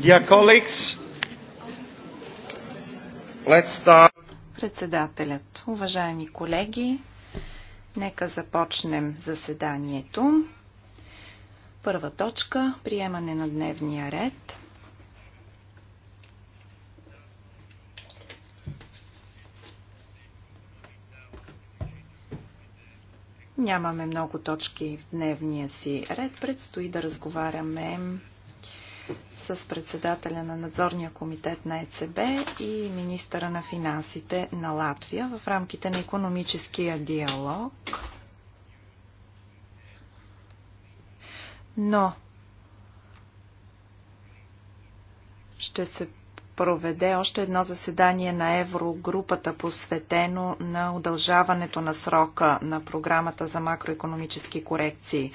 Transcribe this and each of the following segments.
Dear colleagues, let's start. Председателят, уважаеми колеги, нека започнем заседанието. Първа точка – приемане на дневния ред. Нямаме много точки в дневния си ред. Предстои да разговаряме с председателя на надзорния комитет на ЕЦБ и министъра на финансите на Латвия в рамките на економическия диалог. Но ще се проведе още едно заседание на Еврогрупата, посветено на удължаването на срока на програмата за макроекономически корекции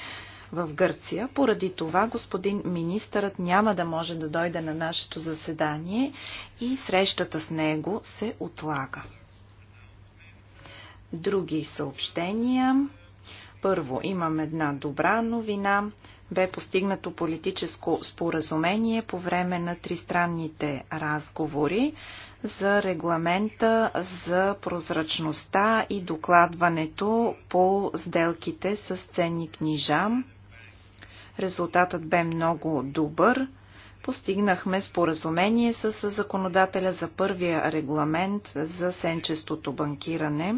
в Гърция. Поради това господин министърът няма да може да дойде на нашето заседание и срещата с него се отлага. Други съобщения. Първо, имам една добра новина. Бе постигнато политическо споразумение по време на тристранните разговори за регламента за прозрачността и докладването по сделките с ценни книжа. Резултатът бе много добър. Постигнахме споразумение с законодателя за първия регламент за сенчестото банкиране.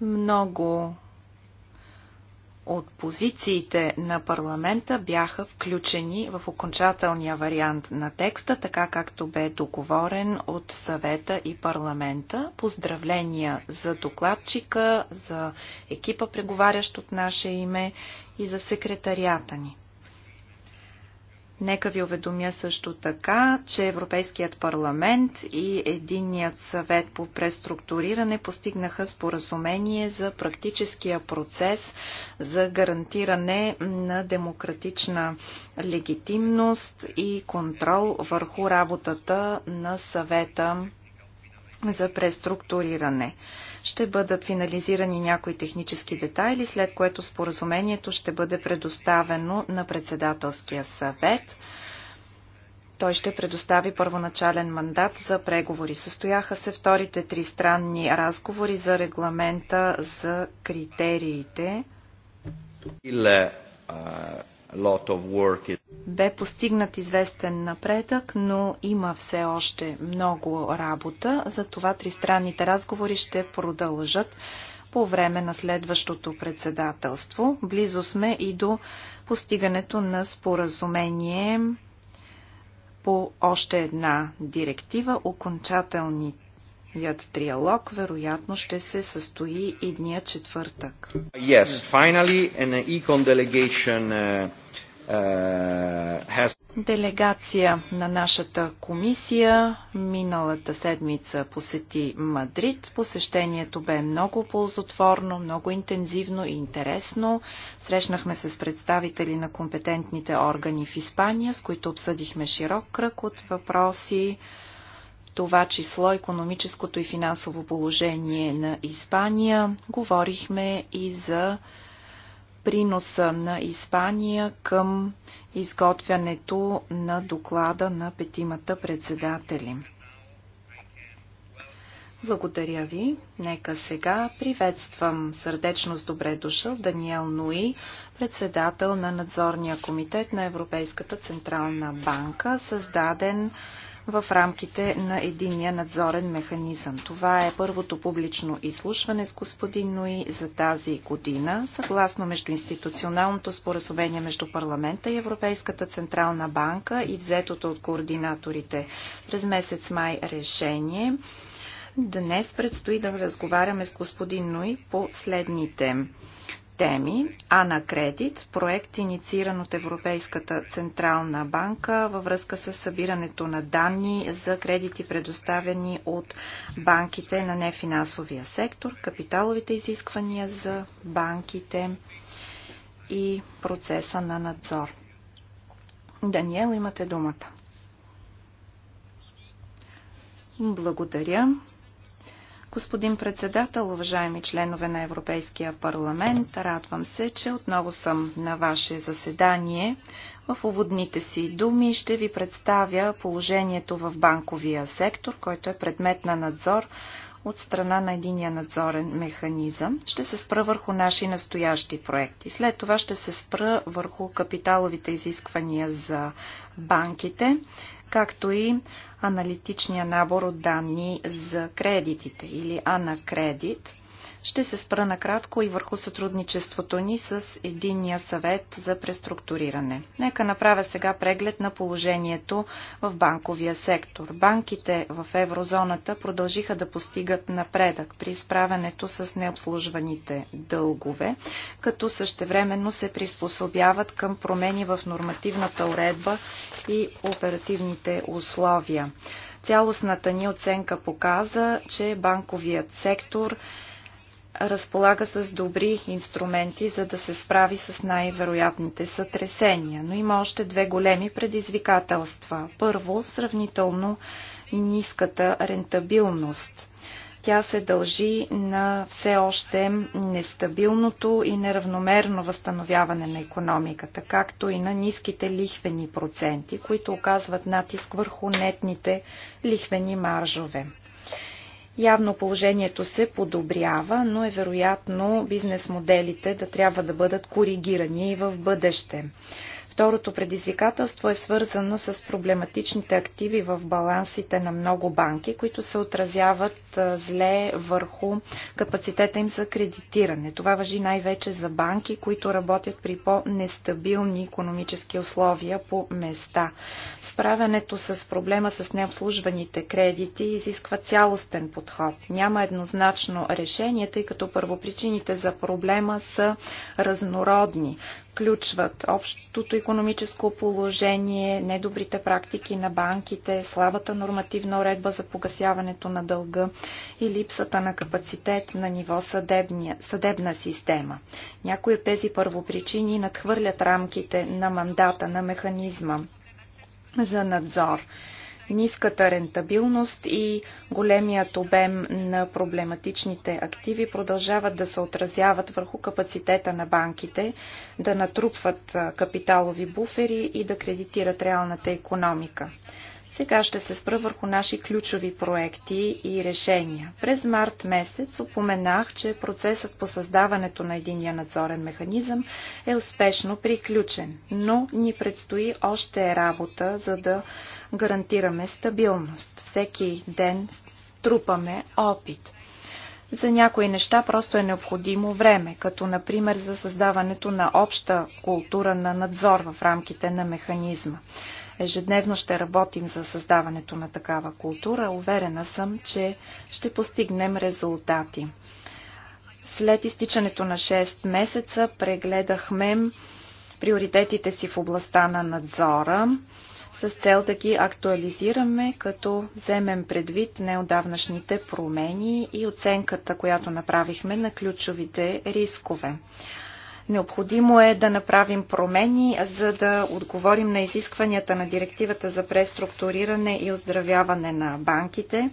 Много от позициите на парламента бяха включени в окончателния вариант на текста, така както бе договорен от съвета и парламента. Поздравления за докладчика, за екипа преговарящ от наше име и за секретарията ни. Нека ви уведомя също така, че Европейският парламент и Единният съвет по преструктуриране постигнаха споразумение за практическия процес за гарантиране на демократична легитимност и контрол върху работата на съвета за преструктуриране. Ще бъдат финализирани някои технически детайли, след което споразумението ще бъде предоставено на председателския съвет. Той ще предостави първоначален мандат за преговори. Състояха се вторите три странни разговори за регламента за критериите. Il, uh бе постигнат известен напредък, но има все още много работа, затова тристранните разговори ще продължат по време на следващото председателство. Близо сме и до постигането на споразумение по още една директива. Окончателните. Ният триалог вероятно ще се състои и дния четвъртък. Yes, finally an econ delegation uh, uh, has... Делегация на нашата комисия миналата седмица посети Мадрид. Посещението бе много ползотворно, много интензивно и интересно. Срещнахме се с представители на компетентните органи в Испания, с които обсъдихме широк кръг от въпроси това число економическото и финансово положение на Испания. Говорихме и за приноса на Испания към изготвянето на доклада на петимата председатели. Благодаря ви. Нека сега приветствам сърдечно с добре дошъл Даниел Нуи, председател на надзорния комитет на Европейската централна банка, създаден в рамките на единия надзорен механизъм. Това е първото публично изслушване с господин Нуи за тази година, съгласно междуинституционалното споразумение между парламента и Европейската централна банка и взетото от координаторите през месец май решение. Днес предстои да разговаряме с господин Нуи по следните теми. А на кредит, проект иницииран от Европейската Централна банка във връзка с събирането на данни за кредити предоставени от банките на нефинансовия сектор, капиталовите изисквания за банките и процеса на надзор. Даниел, имате думата. Благодаря. Господин председател, уважаеми членове на Европейския парламент, радвам се, че отново съм на ваше заседание. В уводните си думи ще ви представя положението в банковия сектор, който е предмет на надзор от страна на единия надзорен механизъм. Ще се спра върху наши настоящи проекти. След това ще се спра върху капиталовите изисквания за банките както и аналитичния набор от данни за кредитите или анакредит – ще се спра накратко и върху сътрудничеството ни с Единния съвет за преструктуриране. Нека направя сега преглед на положението в банковия сектор. Банките в еврозоната продължиха да постигат напредък при справянето с необслужваните дългове, като същевременно се приспособяват към промени в нормативната уредба и оперативните условия. Цялостната ни оценка показа, че банковият сектор разполага с добри инструменти, за да се справи с най-вероятните сътресения. Но има още две големи предизвикателства. Първо, сравнително ниската рентабилност. Тя се дължи на все още нестабилното и неравномерно възстановяване на економиката, както и на ниските лихвени проценти, които оказват натиск върху нетните лихвени маржове. Явно положението се подобрява, но е вероятно бизнес моделите да трябва да бъдат коригирани и в бъдеще. Второто предизвикателство е свързано с проблематичните активи в балансите на много банки, които се отразяват зле върху капацитета им за кредитиране. Това въжи най-вече за банки, които работят при по-нестабилни економически условия по места. Справянето с проблема с необслужваните кредити изисква цялостен подход. Няма еднозначно решение, тъй като първопричините за проблема са разнородни включват общото и економическо положение, недобрите практики на банките, слабата нормативна уредба за погасяването на дълга и липсата на капацитет на ниво съдебния, съдебна система. Някои от тези първопричини надхвърлят рамките на мандата на механизма за надзор. Ниската рентабилност и големият обем на проблематичните активи продължават да се отразяват върху капацитета на банките да натрупват капиталови буфери и да кредитират реалната економика. Сега ще се спра върху наши ключови проекти и решения. През март месец упоменах, че процесът по създаването на единия надзорен механизъм е успешно приключен, но ни предстои още работа, за да гарантираме стабилност. Всеки ден трупаме опит. За някои неща просто е необходимо време, като например за създаването на обща култура на надзор в рамките на механизма. Ежедневно ще работим за създаването на такава култура. Уверена съм, че ще постигнем резултати. След изтичането на 6 месеца прегледахме приоритетите си в областта на надзора с цел да ги актуализираме, като вземем предвид неодавнашните промени и оценката, която направихме на ключовите рискове. Необходимо е да направим промени, за да отговорим на изискванията на директивата за преструктуриране и оздравяване на банките,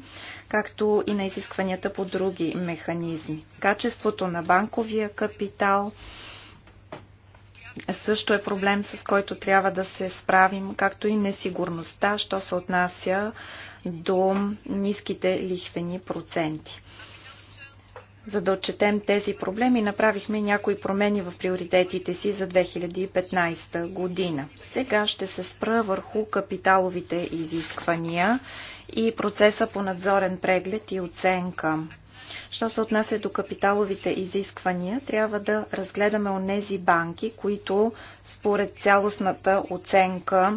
както и на изискванията по други механизми. Качеството на банковия капитал, също е проблем, с който трябва да се справим, както и несигурността, що се отнася до ниските лихвени проценти. За да отчетем тези проблеми, направихме някои промени в приоритетите си за 2015 година. Сега ще се спра върху капиталовите изисквания и процеса по надзорен преглед и оценка. Що се отнася до капиталовите изисквания, трябва да разгледаме онези банки, които според цялостната оценка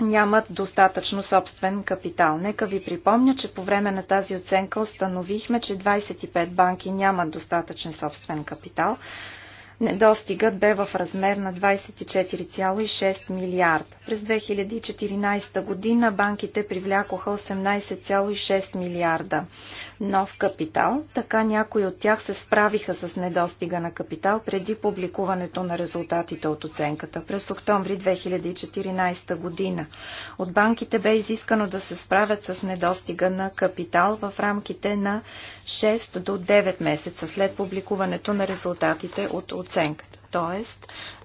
нямат достатъчно собствен капитал. Нека ви припомня, че по време на тази оценка установихме, че 25 банки нямат достатъчен собствен капитал. Недостигът бе в размер на 24,6 милиард. През 2014 година банките привлякоха 18,6 милиарда нов капитал, така някои от тях се справиха с недостига на капитал преди публикуването на резултатите от оценката през октомври 2014 година. От банките бе изискано да се справят с недостига на капитал в рамките на 6 до 9 месеца след публикуването на резултатите от оценката оценката, т.е.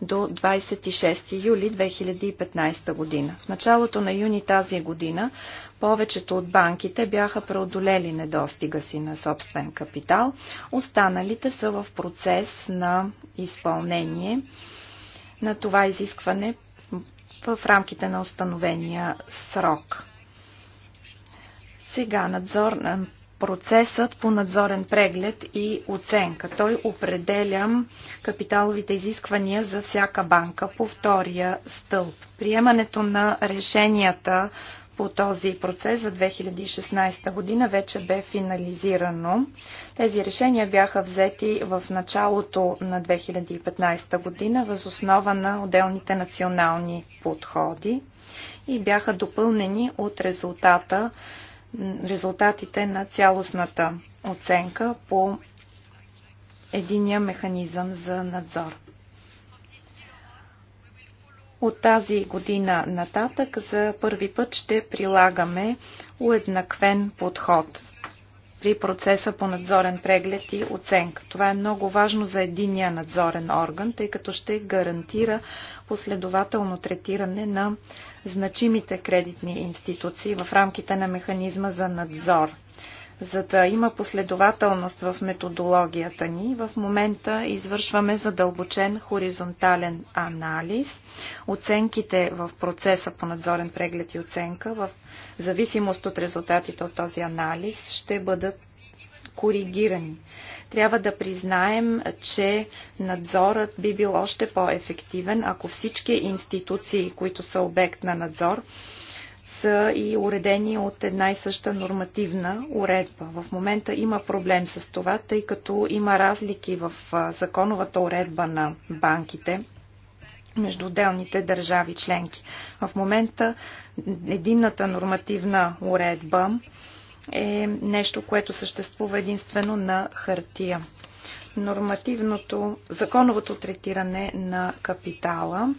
до 26 юли 2015 година. В началото на юни тази година повечето от банките бяха преодолели недостига си на собствен капитал, останалите са в процес на изпълнение на това изискване в рамките на установения срок. Сега надзор, процесът по надзорен преглед и оценка. Той определя капиталовите изисквания за всяка банка по втория стълб. Приемането на решенията по този процес за 2016 година вече бе финализирано. Тези решения бяха взети в началото на 2015 година възоснова на отделните национални подходи и бяха допълнени от резултата резултатите на цялостната оценка по единия механизъм за надзор. От тази година нататък за първи път ще прилагаме уеднаквен подход при процеса по надзорен преглед и оценка. Това е много важно за единия надзорен орган, тъй като ще гарантира последователно третиране на значимите кредитни институции в рамките на механизма за надзор. За да има последователност в методологията ни, в момента извършваме задълбочен хоризонтален анализ. Оценките в процеса по надзорен преглед и оценка, в зависимост от резултатите от този анализ, ще бъдат коригирани. Трябва да признаем, че надзорът би бил още по-ефективен, ако всички институции, които са обект на надзор, са и уредени от една и съща нормативна уредба. В момента има проблем с това, тъй като има разлики в законовата уредба на банките между отделните държави членки. В момента единната нормативна уредба е нещо, което съществува единствено на хартия. Нормативното, законовото третиране на капитала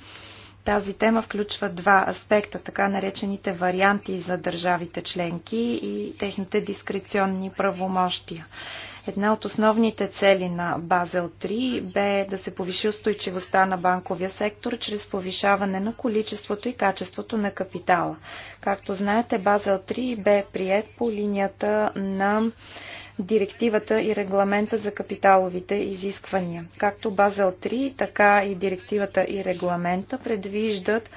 тази тема включва два аспекта, така наречените варианти за държавите членки и техните дискреционни правомощия. Една от основните цели на Базел 3 бе да се повиши устойчивостта на банковия сектор чрез повишаване на количеството и качеството на капитала. Както знаете, Базел 3 бе прият по линията на директивата и регламента за капиталовите изисквания. Както Базел 3, така и директивата и регламента предвиждат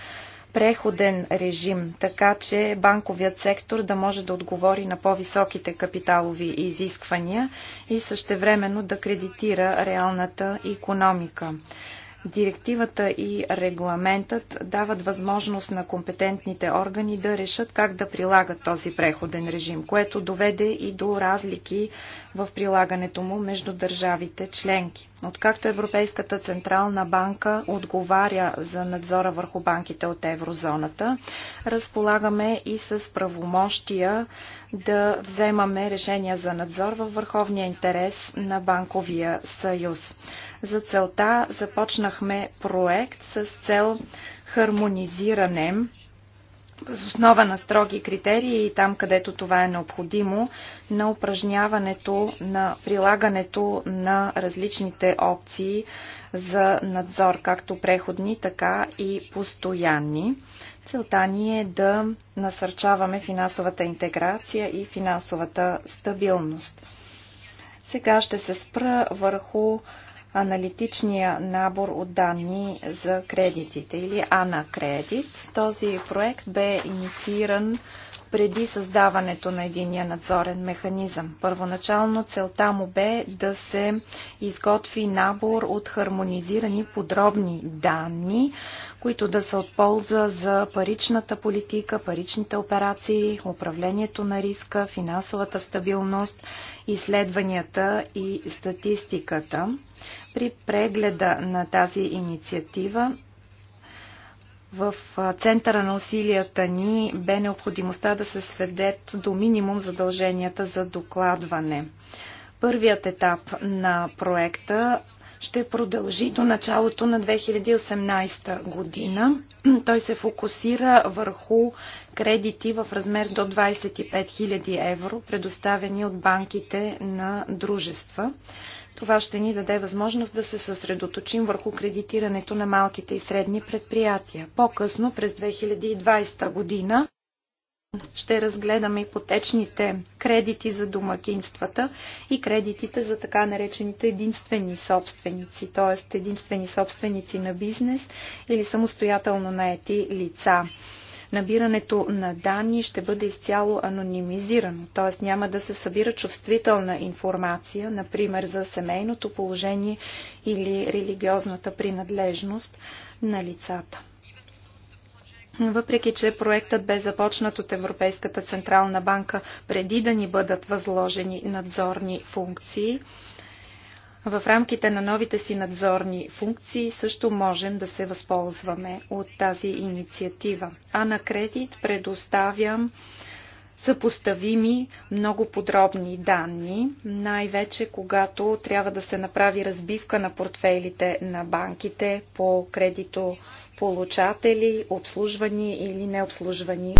преходен режим, така че банковият сектор да може да отговори на по-високите капиталови изисквания и същевременно да кредитира реалната економика. Директивата и регламентът дават възможност на компетентните органи да решат как да прилагат този преходен режим, което доведе и до разлики в прилагането му между държавите членки. Откакто Европейската централна банка отговаря за надзора върху банките от еврозоната, разполагаме и с правомощия да вземаме решения за надзор във върховния интерес на банковия съюз. За целта започнахме проект с цел хармонизиране с основа на строги критерии и там, където това е необходимо, на упражняването, на прилагането на различните опции за надзор, както преходни, така и постоянни. Целта ни е да насърчаваме финансовата интеграция и финансовата стабилност. Сега ще се спра върху аналитичния набор от данни за кредитите или АНА кредит. Този проект бе иницииран преди създаването на единия надзорен механизъм. Първоначално целта му бе да се изготви набор от хармонизирани подробни данни, които да са от полза за паричната политика, паричните операции, управлението на риска, финансовата стабилност, изследванията и статистиката. При прегледа на тази инициатива в центъра на усилията ни бе необходимостта да се сведет до минимум задълженията за докладване. Първият етап на проекта ще продължи до началото на 2018 година. Той се фокусира върху кредити в размер до 25 000 евро, предоставени от банките на дружества. Това ще ни даде възможност да се съсредоточим върху кредитирането на малките и средни предприятия. По-късно, през 2020 година, ще разгледаме ипотечните кредити за домакинствата и кредитите за така наречените единствени собственици, т.е. единствени собственици на бизнес или самостоятелно наети лица набирането на данни ще бъде изцяло анонимизирано, т.е. няма да се събира чувствителна информация, например за семейното положение или религиозната принадлежност на лицата. Въпреки, че проектът бе започнат от Европейската Централна банка преди да ни бъдат възложени надзорни функции, в рамките на новите си надзорни функции също можем да се възползваме от тази инициатива. А на кредит предоставям съпоставими много подробни данни, най-вече когато трябва да се направи разбивка на портфейлите на банките по кредито получатели, обслужвани или необслужвани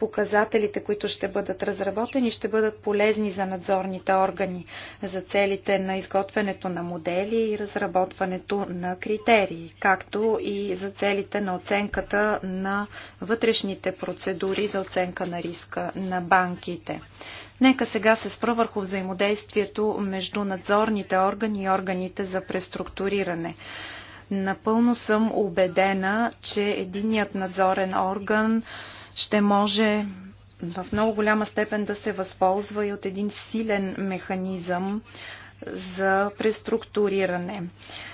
показателите, които ще бъдат разработени, ще бъдат полезни за надзорните органи за целите на изготвянето на модели и разработването на критерии, както и за целите на оценката на вътрешните процедури за оценка на риска на банките. Нека сега се спра върху взаимодействието между надзорните органи и органите за преструктуриране. Напълно съм убедена, че единият надзорен орган ще може в много голяма степен да се възползва и от един силен механизъм за преструктуриране.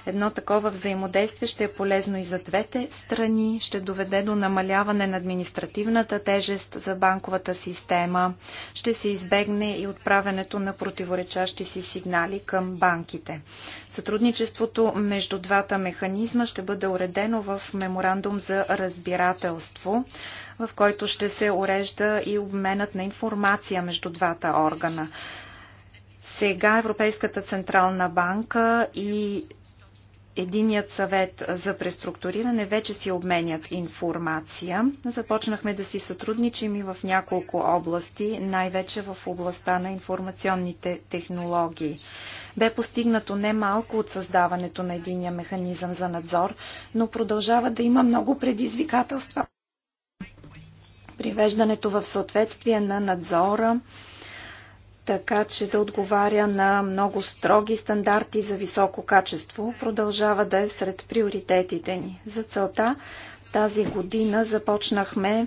Едно такова взаимодействие ще е полезно и за двете страни, ще доведе до намаляване на административната тежест за банковата система, ще се избегне и отправянето на противоречащи си сигнали към банките. Сътрудничеството между двата механизма ще бъде уредено в меморандум за разбирателство, в който ще се урежда и обменът на информация между двата органа. Сега Европейската централна банка и Единият съвет за преструктуриране вече си обменят информация. Започнахме да си сътрудничим и в няколко области, най-вече в областта на информационните технологии. Бе постигнато немалко от създаването на единия механизъм за надзор, но продължава да има много предизвикателства. Привеждането в съответствие на надзора, така че да отговаря на много строги стандарти за високо качество, продължава да е сред приоритетите ни. За целта тази година започнахме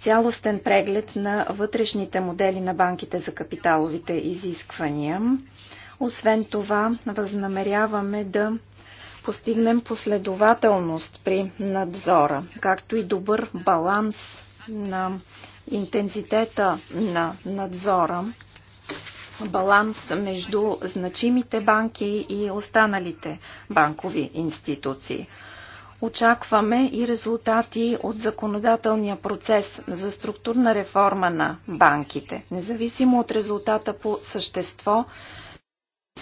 цялостен преглед на вътрешните модели на банките за капиталовите изисквания. Освен това, възнамеряваме да постигнем последователност при надзора, както и добър баланс на интензитета на надзора баланс между значимите банки и останалите банкови институции. Очакваме и резултати от законодателния процес за структурна реформа на банките. Независимо от резултата по същество,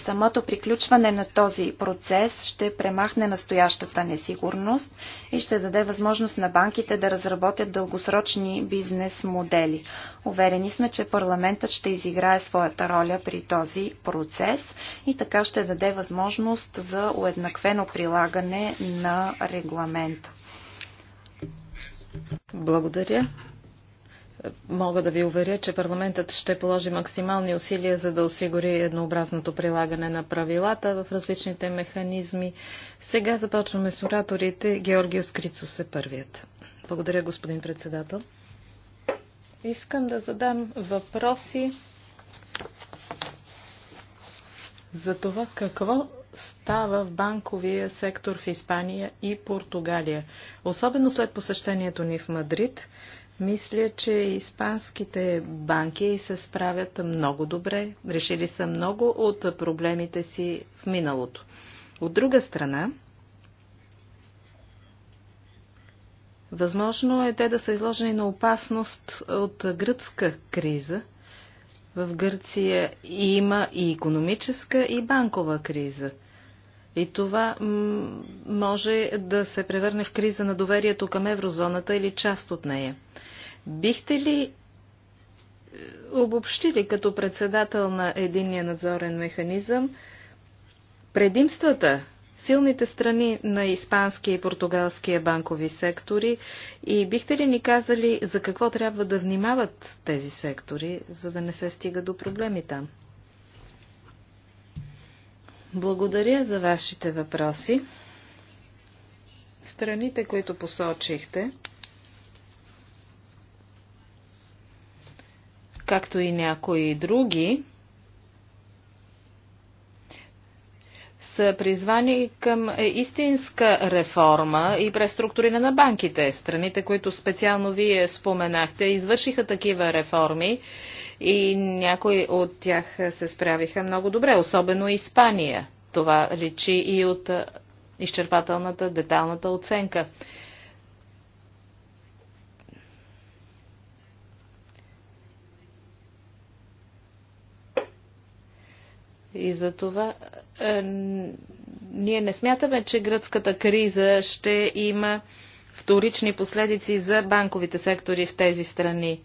Самото приключване на този процес ще премахне настоящата несигурност и ще даде възможност на банките да разработят дългосрочни бизнес модели. Уверени сме, че парламентът ще изиграе своята роля при този процес и така ще даде възможност за уеднаквено прилагане на регламента. Благодаря. Мога да ви уверя, че парламентът ще положи максимални усилия, за да осигури еднообразното прилагане на правилата в различните механизми. Сега започваме с ораторите. Георгио Крицус е първият. Благодаря, господин председател. Искам да задам въпроси за това какво става в банковия сектор в Испания и Португалия. Особено след посещението ни в Мадрид, мисля, че испанските банки се справят много добре. Решили са много от проблемите си в миналото. От друга страна, възможно е те да са изложени на опасност от гръцка криза. В Гърция има и економическа, и банкова криза – и това може да се превърне в криза на доверието към еврозоната или част от нея. Бихте ли е, обобщили като председател на единния надзорен механизъм предимствата, силните страни на испанския и португалския банкови сектори и бихте ли ни казали за какво трябва да внимават тези сектори, за да не се стига до проблеми там? Благодаря за вашите въпроси. Страните, които посочихте, както и някои други, са призвани към истинска реформа и преструктуриране на банките. Страните, които специално вие споменахте, извършиха такива реформи и някои от тях се справиха много добре, особено Испания. Това личи и от изчерпателната, деталната оценка. И за това е, ние не смятаме, че гръцката криза ще има вторични последици за банковите сектори в тези страни.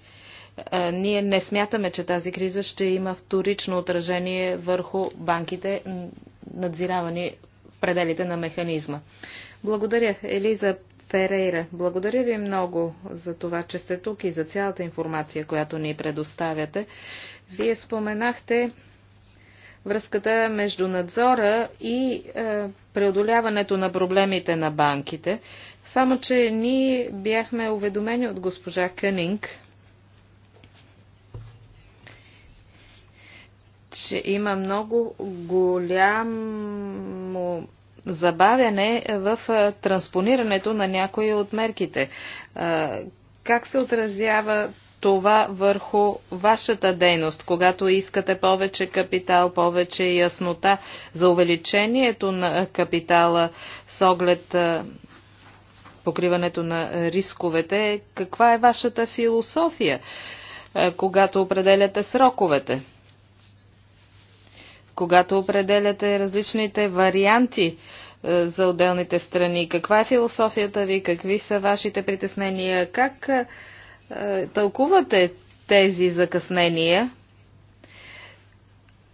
Е, ние не смятаме, че тази криза ще има вторично отражение върху банките, надзиравани в пределите на механизма. Благодаря, Елиза Ферейра. Благодаря ви много за това, че сте тук и за цялата информация, която ни предоставяте. Вие споменахте връзката между надзора и е, преодоляването на проблемите на банките. Само, че ние бяхме уведомени от госпожа Кънинг, че има много голямо забавяне в транспонирането на някои от мерките. Как се отразява това върху вашата дейност, когато искате повече капитал, повече яснота за увеличението на капитала с оглед покриването на рисковете? Каква е вашата философия, когато определяте сроковете? когато определяте различните варианти е, за отделните страни. Каква е философията ви? Какви са вашите притеснения? Как е, е, тълкувате тези закъснения?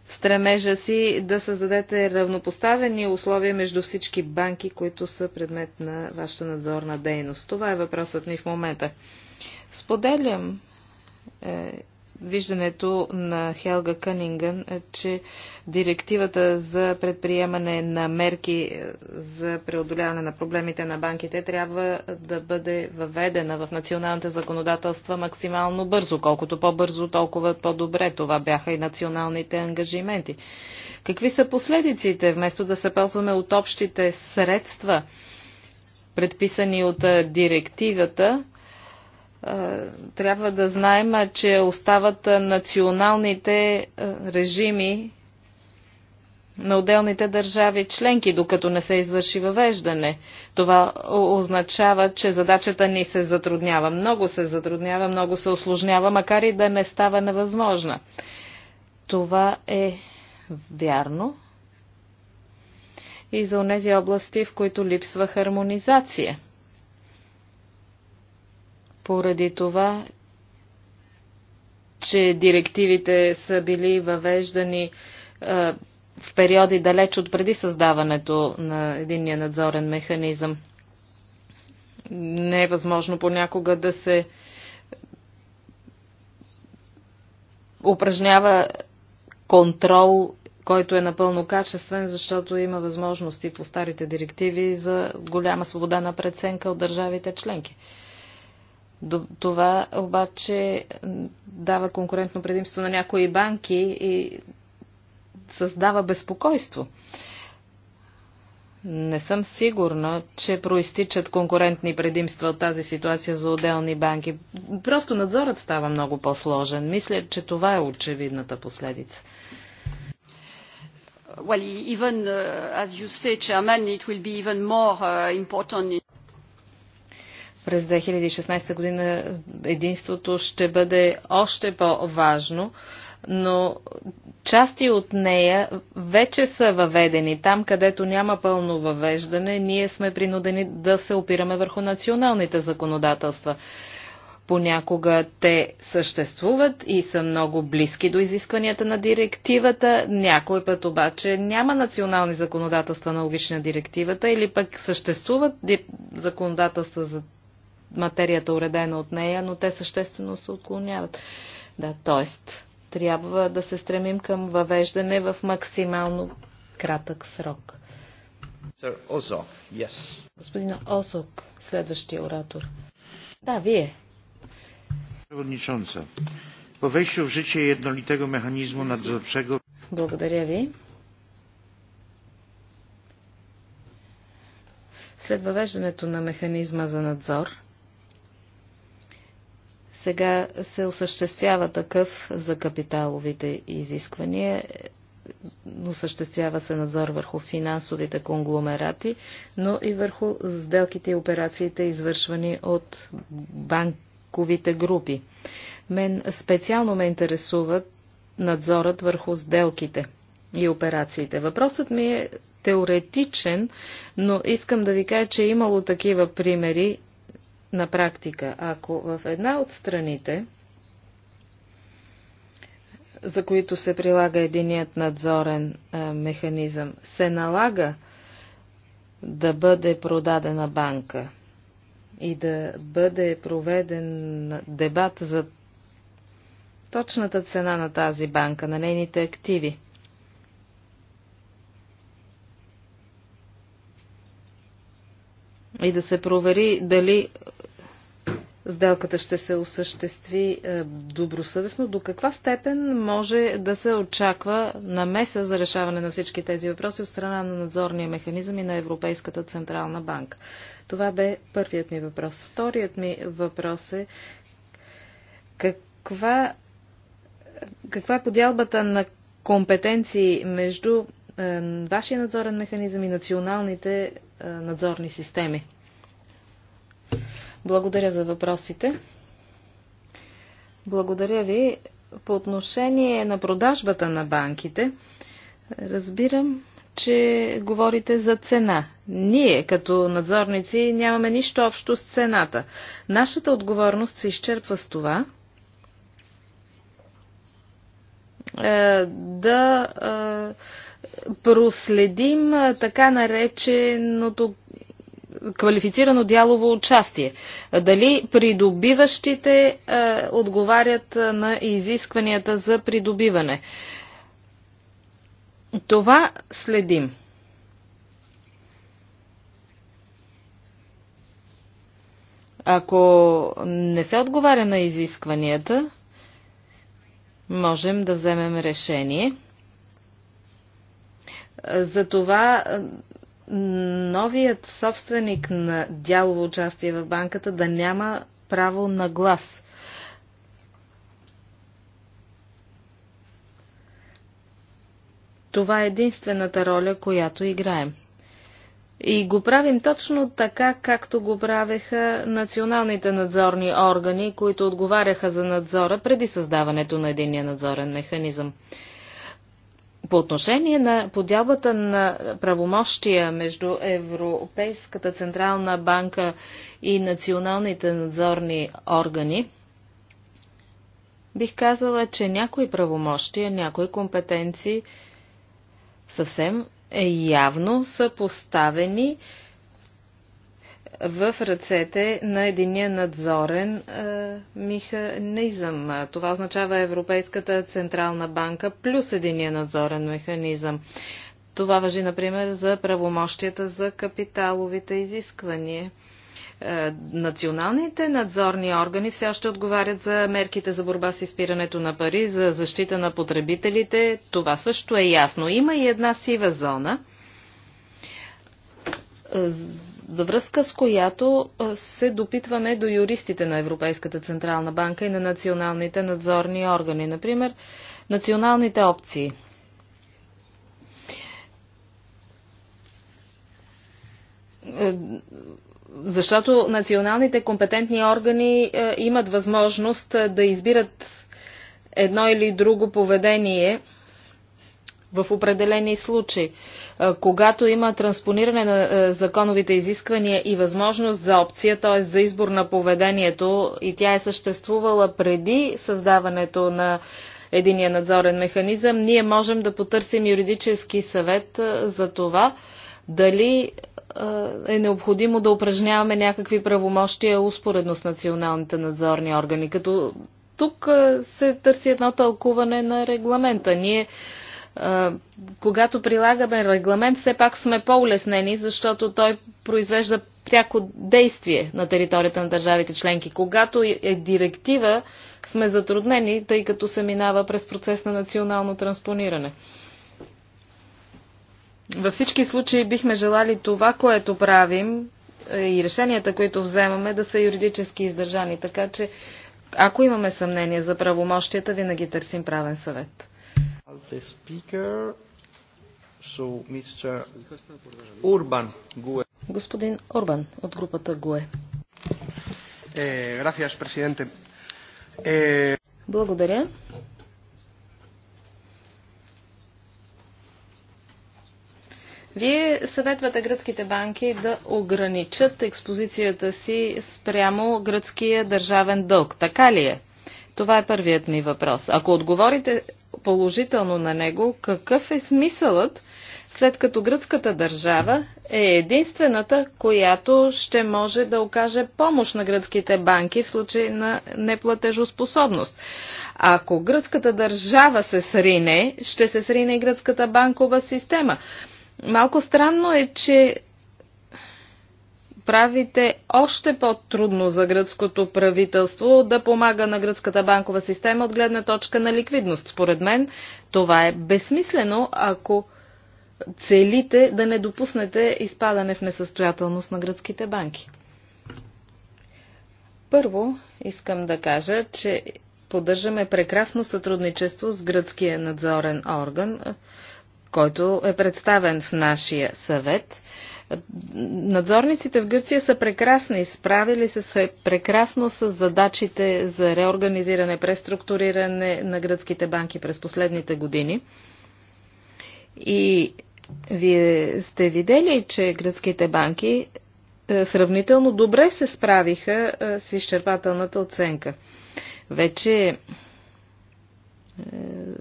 стремежа си да създадете равнопоставени условия между всички банки, които са предмет на вашата надзорна дейност. Това е въпросът ми в момента. Споделям виждането на Хелга Кънингън, е, че директивата за предприемане на мерки е, за преодоляване на проблемите на банките трябва да бъде въведена в националните законодателства максимално бързо. Колкото по-бързо, толкова по-добре. Това бяха и националните ангажименти. Какви са последиците, вместо да се ползваме от общите средства, предписани от е, директивата, е, трябва да знаем, че остават националните е, режими на отделните държави членки, докато не се извърши въвеждане. Това означава, че задачата ни се затруднява. Много се затруднява, много се осложнява, макар и да не става невъзможна. Това е вярно и за онези области, в които липсва хармонизация – поради това, че директивите са били въвеждани е, в периоди далеч от преди създаването на единния надзорен механизъм. Не е възможно понякога да се упражнява контрол, който е напълно качествен, защото има възможности по старите директиви за голяма свобода на преценка от държавите членки. Това обаче дава конкурентно предимство на някои банки и създава безпокойство. Не съм сигурна, че проистичат конкурентни предимства от тази ситуация за отделни банки. Просто надзорът става много по-сложен. Мисля, че това е очевидната последица. Well, even uh, as you say, Chairman, it will be even more uh, important през 2016 година единството ще бъде още по-важно, но части от нея вече са въведени. Там, където няма пълно въвеждане, ние сме принудени да се опираме върху националните законодателства. Понякога те съществуват и са много близки до изискванията на директивата, някой път обаче няма национални законодателства аналогични на директивата или пък съществуват законодателства за материята уредена от нея, но те съществено се отклоняват. Да, т.е. трябва да се стремим към въвеждане в максимално кратък срок. Озок, yes. Господин Озок, следващия оратор. Да, вие. Проводничонца, po в житие еднолитего jednolitego mechanizmu Благодаря ви. След въвеждането на механизма за надзор, сега се осъществява такъв за капиталовите изисквания, осъществява се надзор върху финансовите конгломерати, но и върху сделките и операциите, извършвани от банковите групи. Мен специално ме интересуват надзорът върху сделките и операциите. Въпросът ми е теоретичен, но искам да ви кажа, че е имало такива примери на практика, ако в една от страните, за които се прилага единият надзорен е, механизъм, се налага да бъде продадена банка и да бъде проведен дебат за точната цена на тази банка, на нейните активи. И да се провери дали сделката ще се осъществи е, добросъвестно, до каква степен може да се очаква намеса за решаване на всички тези въпроси от страна на надзорния механизъм и на Европейската централна банка? Това бе първият ми въпрос. Вторият ми въпрос е каква, каква е подялбата на компетенции между е, вашия надзорен механизъм и националните е, надзорни системи? Благодаря за въпросите. Благодаря ви. По отношение на продажбата на банките, разбирам, че говорите за цена. Ние, като надзорници, нямаме нищо общо с цената. Нашата отговорност се изчерпва с това е, да е, проследим е, така нареченото квалифицирано дялово участие. Дали придобиващите е, отговарят е, на изискванията за придобиване. Това следим. Ако не се отговаря на изискванията, можем да вземем решение. За това е, новият собственик на дялово участие в банката да няма право на глас. Това е единствената роля, която играем. И го правим точно така, както го правеха националните надзорни органи, които отговаряха за надзора преди създаването на единния надзорен механизъм. По отношение на подялбата на правомощия между Европейската Централна банка и националните надзорни органи, бих казала, че някои правомощия, някои компетенции съвсем е явно са поставени в ръцете на единия надзорен е, механизъм. Това означава Европейската централна банка плюс единия надзорен механизъм. Това въжи, например, за правомощията за капиталовите изисквания. Е, националните надзорни органи все още отговарят за мерките за борба с изпирането на пари, за защита на потребителите. Това също е ясно. Има и една сива зона връзка с която се допитваме до юристите на Европейската Централна банка и на националните надзорни органи. Например, националните опции. Е, защото националните компетентни органи е, имат възможност е, да избират едно или друго поведение – в определени случаи, е, когато има транспониране на е, законовите изисквания и възможност за опция, т.е. за избор на поведението, и тя е съществувала преди създаването на единия надзорен механизъм, ние можем да потърсим юридически съвет е, за това дали е необходимо да упражняваме някакви правомощия успоредно с националните надзорни органи. Като тук се търси едно тълкуване на регламента. Ние когато прилагаме регламент, все пак сме по-улеснени, защото той произвежда пряко действие на територията на държавите членки. Когато е директива, сме затруднени, тъй като се минава през процес на национално транспониране. Във всички случаи бихме желали това, което правим е, и решенията, които вземаме, да са юридически издържани. Така че, ако имаме съмнение за правомощията, винаги търсим правен съвет. The speaker, so Mr. Urban Gue. Господин Орбан от групата ГУЕ. gracias, е, Благодаря. Вие съветвате гръцките банки да ограничат експозицията си спрямо гръцкия държавен дълг. Така ли е? Това е първият ми въпрос. Ако отговорите положително на него, какъв е смисълът, след като гръцката държава е единствената, която ще може да окаже помощ на гръцките банки в случай на неплатежоспособност. Ако гръцката държава се срине, ще се срине и гръцката банкова система. Малко странно е, че правите още по-трудно за гръцкото правителство да помага на гръцката банкова система от гледна точка на ликвидност. Според мен това е безсмислено, ако целите да не допуснете изпадане в несъстоятелност на гръцките банки. Първо, искам да кажа, че поддържаме прекрасно сътрудничество с гръцкия надзорен орган, който е представен в нашия съвет. Надзорниците в Гърция са прекрасни, справили се прекрасно с задачите за реорганизиране, преструктуриране на гръцките банки през последните години. И вие сте видели, че гръцките банки е, сравнително добре се справиха е, с изчерпателната оценка. Вече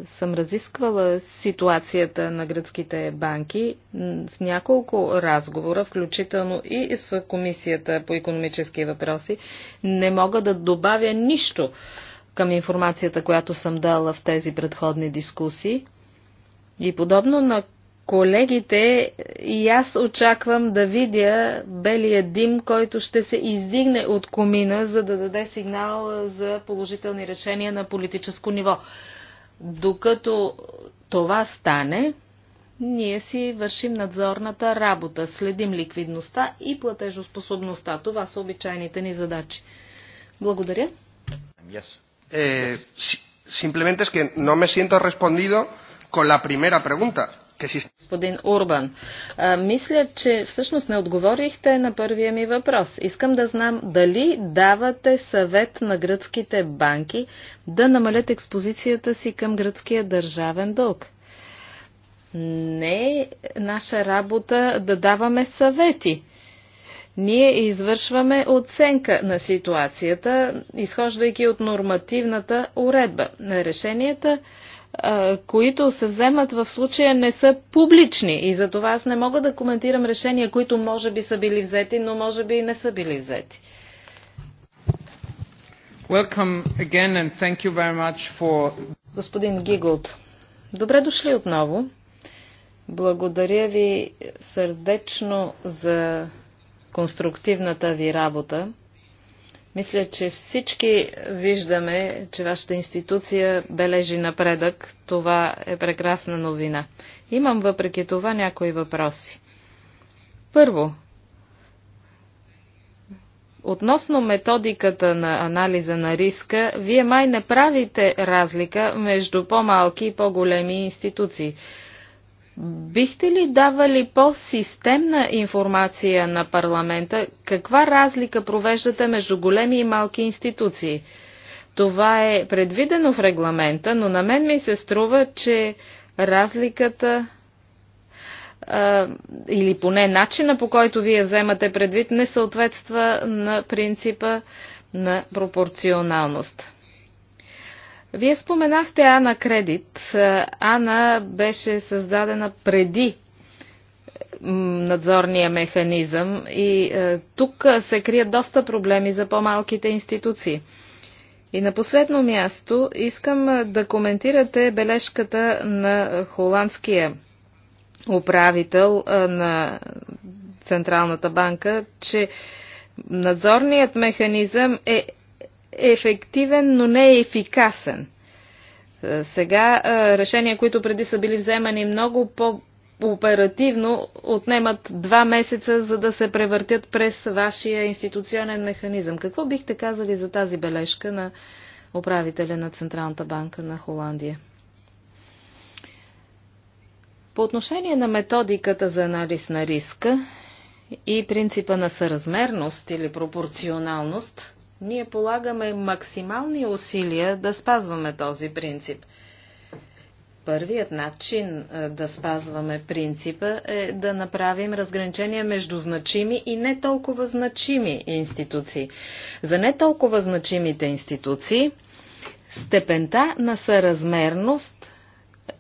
съм разисквала ситуацията на гръцките банки в няколко разговора, включително и с Комисията по економически въпроси. Не мога да добавя нищо към информацията, която съм дала в тези предходни дискусии. И подобно на колегите, и аз очаквам да видя белия дим, който ще се издигне от комина, за да даде сигнал за положителни решения на политическо ниво. Докато това стане, ние си вършим надзорната работа, следим ликвидността и платежоспособността. Това са обичайните ни задачи. Благодаря. Yes. Eh, simplemente es que no me siento respondido con la primera pregunta. Господин Урбан, а, мисля, че всъщност не отговорихте на първия ми въпрос. Искам да знам дали давате съвет на гръцките банки да намалят експозицията си към гръцкия държавен дълг. Не е наша работа да даваме съвети. Ние извършваме оценка на ситуацията, изхождайки от нормативната уредба. на Решенията които се вземат в случая не са публични и за това аз не мога да коментирам решения, които може би са били взети, но може би и не са били взети. For... Господин Гигулт, добре дошли отново. Благодаря ви сърдечно за конструктивната ви работа. Мисля, че всички виждаме, че вашата институция бележи напредък. Това е прекрасна новина. Имам въпреки това някои въпроси. Първо, Относно методиката на анализа на риска, вие май не правите разлика между по-малки и по-големи институции. Бихте ли давали по-системна информация на парламента? Каква разлика провеждате между големи и малки институции? Това е предвидено в регламента, но на мен ми се струва, че разликата а, или поне начина по който вие вземате предвид не съответства на принципа на пропорционалност. Вие споменахте Ана Кредит. Ана беше създадена преди надзорния механизъм и е, тук се крият доста проблеми за по-малките институции. И на последно място искам е, да коментирате бележката на холандския управител е, на Централната банка, че надзорният механизъм е ефективен, но не е ефикасен. Сега е, решения, които преди са били вземани много по- оперативно отнемат два месеца, за да се превъртят през вашия институционен механизъм. Какво бихте казали за тази бележка на управителя на Централната банка на Холандия? По отношение на методиката за анализ на риска и принципа на съразмерност или пропорционалност, ние полагаме максимални усилия да спазваме този принцип. Първият начин да спазваме принципа е да направим разграничение между значими и не толкова значими институции. За не толкова значимите институции степента на съразмерност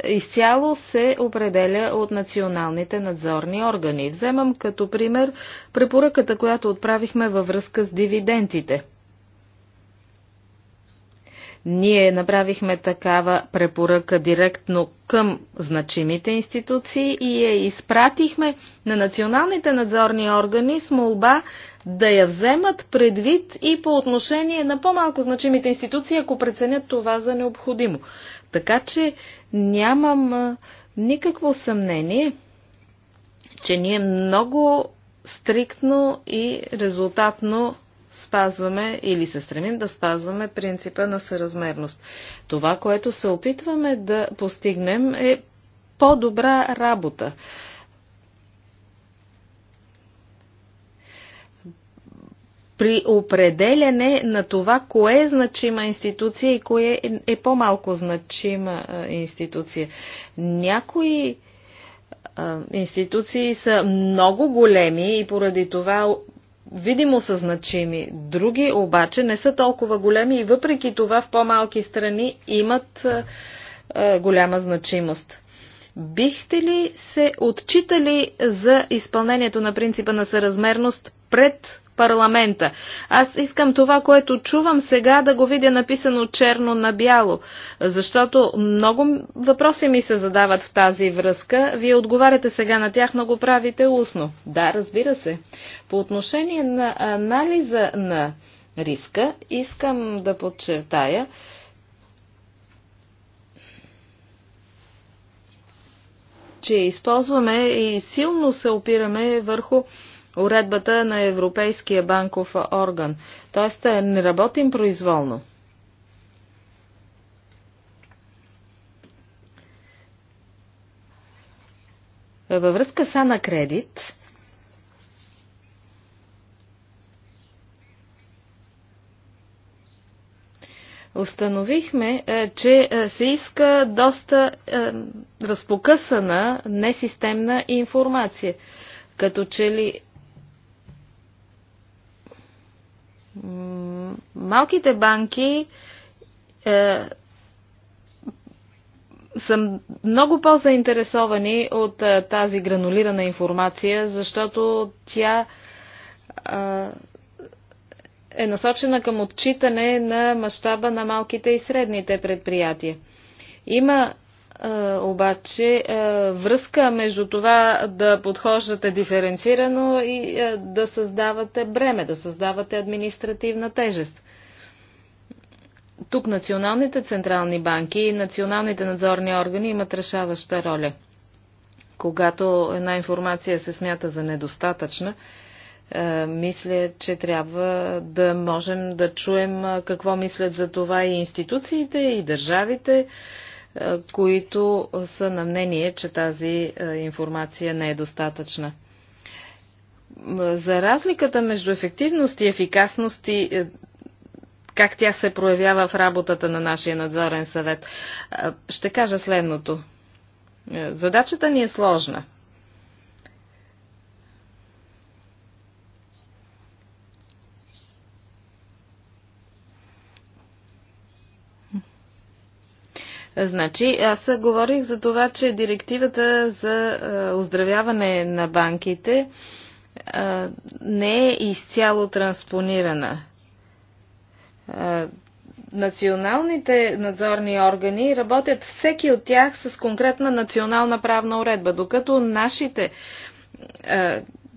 изцяло се определя от националните надзорни органи. Вземам като пример препоръката, която отправихме във връзка с дивидендите – ние направихме такава препоръка директно към значимите институции и я изпратихме на националните надзорни органи с молба да я вземат предвид и по отношение на по-малко значимите институции, ако преценят това за необходимо. Така че нямам никакво съмнение, че ние много стриктно и резултатно спазваме или се стремим да спазваме принципа на съразмерност. Това, което се опитваме да постигнем е по-добра работа. при определене на това, кое е значима институция и кое е, е по-малко значима институция. Някои институции са много големи и поради това видимо са значими. Други обаче не са толкова големи и въпреки това в по-малки страни имат е, е, голяма значимост. Бихте ли се отчитали за изпълнението на принципа на съразмерност пред парламента. Аз искам това, което чувам сега, да го видя написано черно на бяло, защото много въпроси ми се задават в тази връзка. Вие отговаряте сега на тях, но го правите устно. Да, разбира се. По отношение на анализа на риска, искам да подчертая, че използваме и силно се опираме върху уредбата на Европейския банков орган. Тоест, е, не работим произволно. Във връзка са на кредит, установихме, е, че е, се иска доста разпокъсана, несистемна информация. Като че ли малките банки е, са много по-заинтересовани от е, тази гранулирана информация, защото тя е, е насочена към отчитане на мащаба на малките и средните предприятия. Има е, обаче е, връзка между това да подхождате диференцирано и е, да създавате бреме, да създавате административна тежест. Тук националните централни банки и националните надзорни органи имат решаваща роля. Когато една информация се смята за недостатъчна, мисля, че трябва да можем да чуем какво мислят за това и институциите, и държавите, е, които са на мнение, че тази е, информация не е достатъчна. За разликата между ефективност и ефикасност и е, как тя се проявява в работата на нашия надзорен съвет, ще кажа следното. Задачата ни е сложна – Значи, аз говорих за това, че директивата за оздравяване на банките не е изцяло транспонирана. Националните надзорни органи работят всеки от тях с конкретна национална правна уредба, докато нашите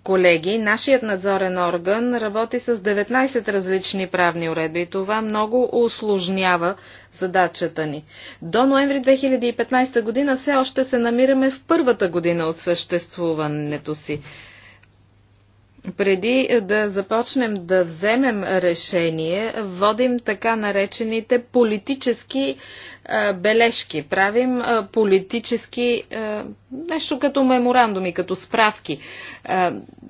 колеги, нашият надзорен орган работи с 19 различни правни уредби и това много усложнява задачата ни. До ноември 2015 година все още се намираме в първата година от съществуването си. Преди да започнем да вземем решение, водим така наречените политически е, бележки, правим е, политически е, нещо като меморандуми, като справки.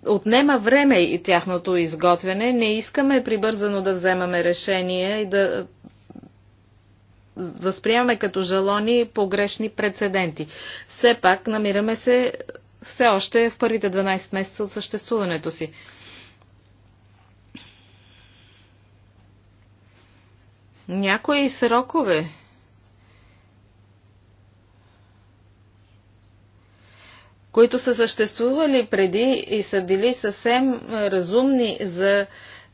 Отнема време и тяхното изготвяне. Не искаме прибързано да вземаме решение и да възприемаме като жалони погрешни прецеденти. Все пак намираме се все още в първите 12 месеца от съществуването си. Някои срокове които са съществували преди и са били съвсем е, разумни за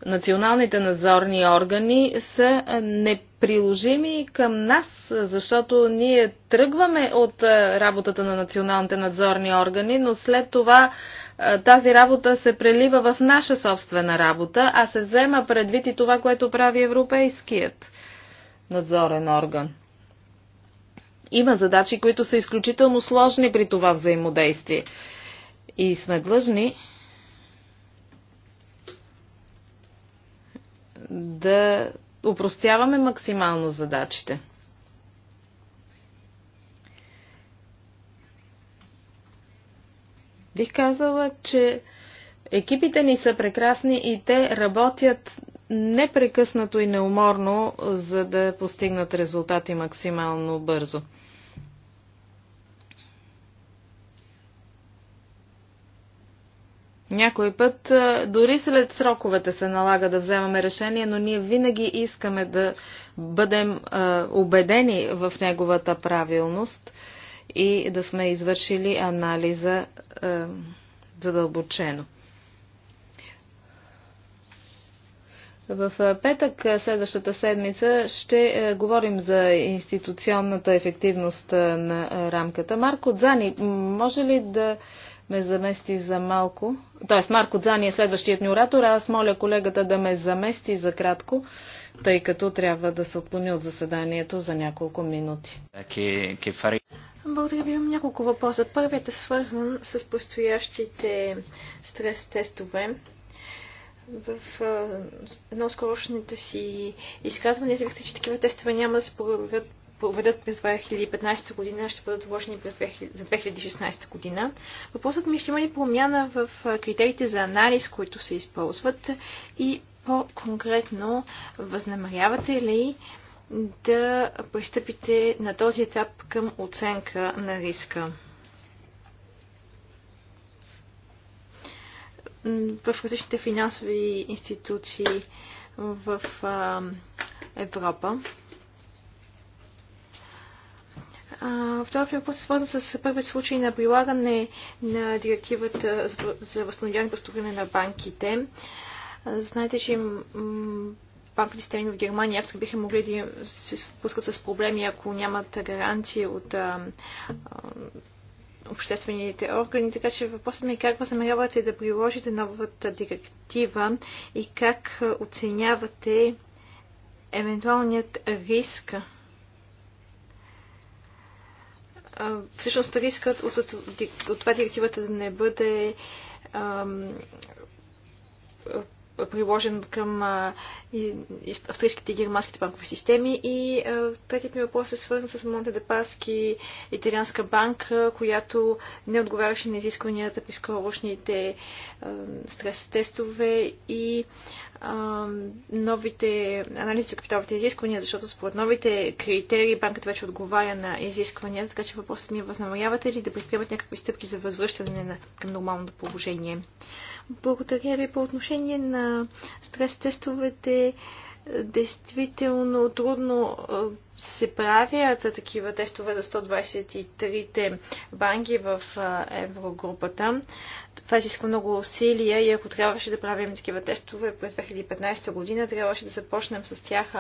националните надзорни органи, са е, неприложими към нас, защото ние тръгваме от е, работата на националните надзорни органи, но след това тази работа се прелива в наша собствена работа, а се взема предвид и това, което прави европейският надзорен орган. Има задачи, които са изключително сложни при това взаимодействие. И сме длъжни да упростяваме максимално задачите. Бих казала, че екипите ни са прекрасни и те работят непрекъснато и неуморно, за да постигнат резултати максимално бързо. Някой път дори след сроковете се налага да вземаме решение, но ние винаги искаме да бъдем убедени в неговата правилност и да сме извършили анализа задълбочено. В петък следващата седмица ще говорим за институционната ефективност на рамката. Марко Дзани, може ли да ме замести за малко. Тоест, Марко Дзани е следващият ни оратор, а аз моля колегата да ме замести за кратко, тъй като трябва да се отклони от заседанието за няколко минути. Благодаря ви. Имам няколко въпроса. Първият е свързан с предстоящите стрес-тестове в едно от скорошните си изказвания заявихте, че такива тестове няма да се проявят проведат през 2015 година, ще бъдат вложени през 2000, за 2016 година. Въпросът ми е, ще има ли промяна в критериите за анализ, които се използват и по-конкретно възнамерявате ли да пристъпите на този етап към оценка на риска? В различните финансови институции в Европа. Втори въпрос е свързан с първи случай на прилагане на директивата за възстановяване и на банките. Знаете, че банковите системи в Германия и Австрия биха могли да се спускат с проблеми, ако нямат гаранции от а, а, обществените органи. Така че въпросът ми е как възнамерявате да приложите новата директива и как оценявате евентуалният риск всъщност рискът от, от, от това директивата да не бъде ам, приложен към австрийските и германските банкови системи. И третият ми въпрос е свързан с Монте Депаски, италианска банка, която не отговаряше на изискванията при скорошните стрес-тестове и новите анализи за капиталните изисквания, защото според новите критерии банката вече отговаря на изискванията, така че въпросът ми е възнамерявате ли да предприемат някакви стъпки за възвръщане на, към нормалното положение. Благодаря ви по отношение на стрес-тестовете. Действително трудно се правят такива тестове за 123-те банки в еврогрупата. Това изисква много усилия и ако трябваше да правим такива тестове през 2015 година, трябваше да започнем с тях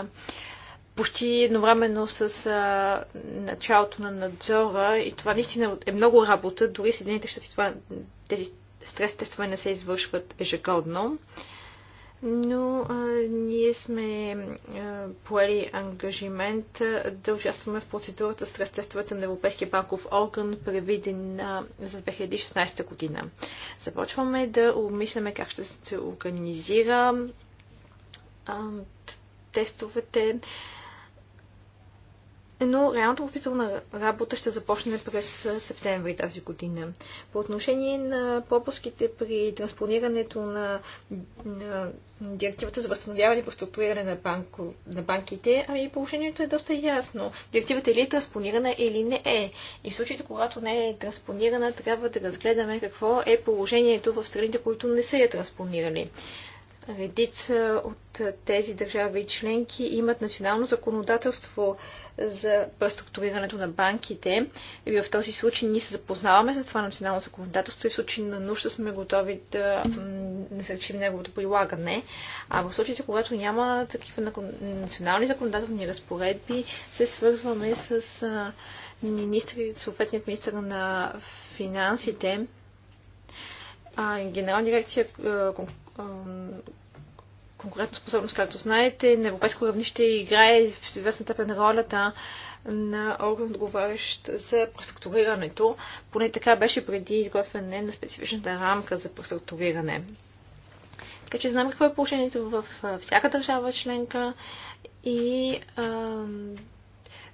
почти едновременно с а, началото на надзора и това наистина е много работа. Дори в Съединените щати това, тези стрес-тестове не се извършват ежегодно, но а, ние сме а, поели ангажимент а, да участваме в процедурата стрес-тестовете на Европейския банков орган, предвиден за 2016 година. Започваме да обмисляме как ще се организира а, тестовете. А, но реалната официална работа ще започне през септември тази година. По отношение на пропуските при транспонирането на, на директивата за възстановяване и преструктуриране на, банко, на банките, ами положението е доста ясно. Директивата е ли е транспонирана или не е. И в случаите, когато не е транспонирана, трябва да разгледаме какво е положението в страните, които не са я транспонирали. Редица от тези държави и членки имат национално законодателство за преструктурирането на банките. И в този случай ние се запознаваме с това национално законодателство и в случай на нужда сме готови да насърчим неговото прилагане. А в случаите, когато няма такива национални законодателни разпоредби, се свързваме с министри, съответният министър на финансите, а, генерална дирекция конкретна способност, както знаете, на европейско равнище играе в известна степен ролята на орган, отговарящ за преструктурирането. Поне така беше преди изготвяне на специфичната рамка за преструктуриране. Така че знам какво е положението във всяка държава членка и а,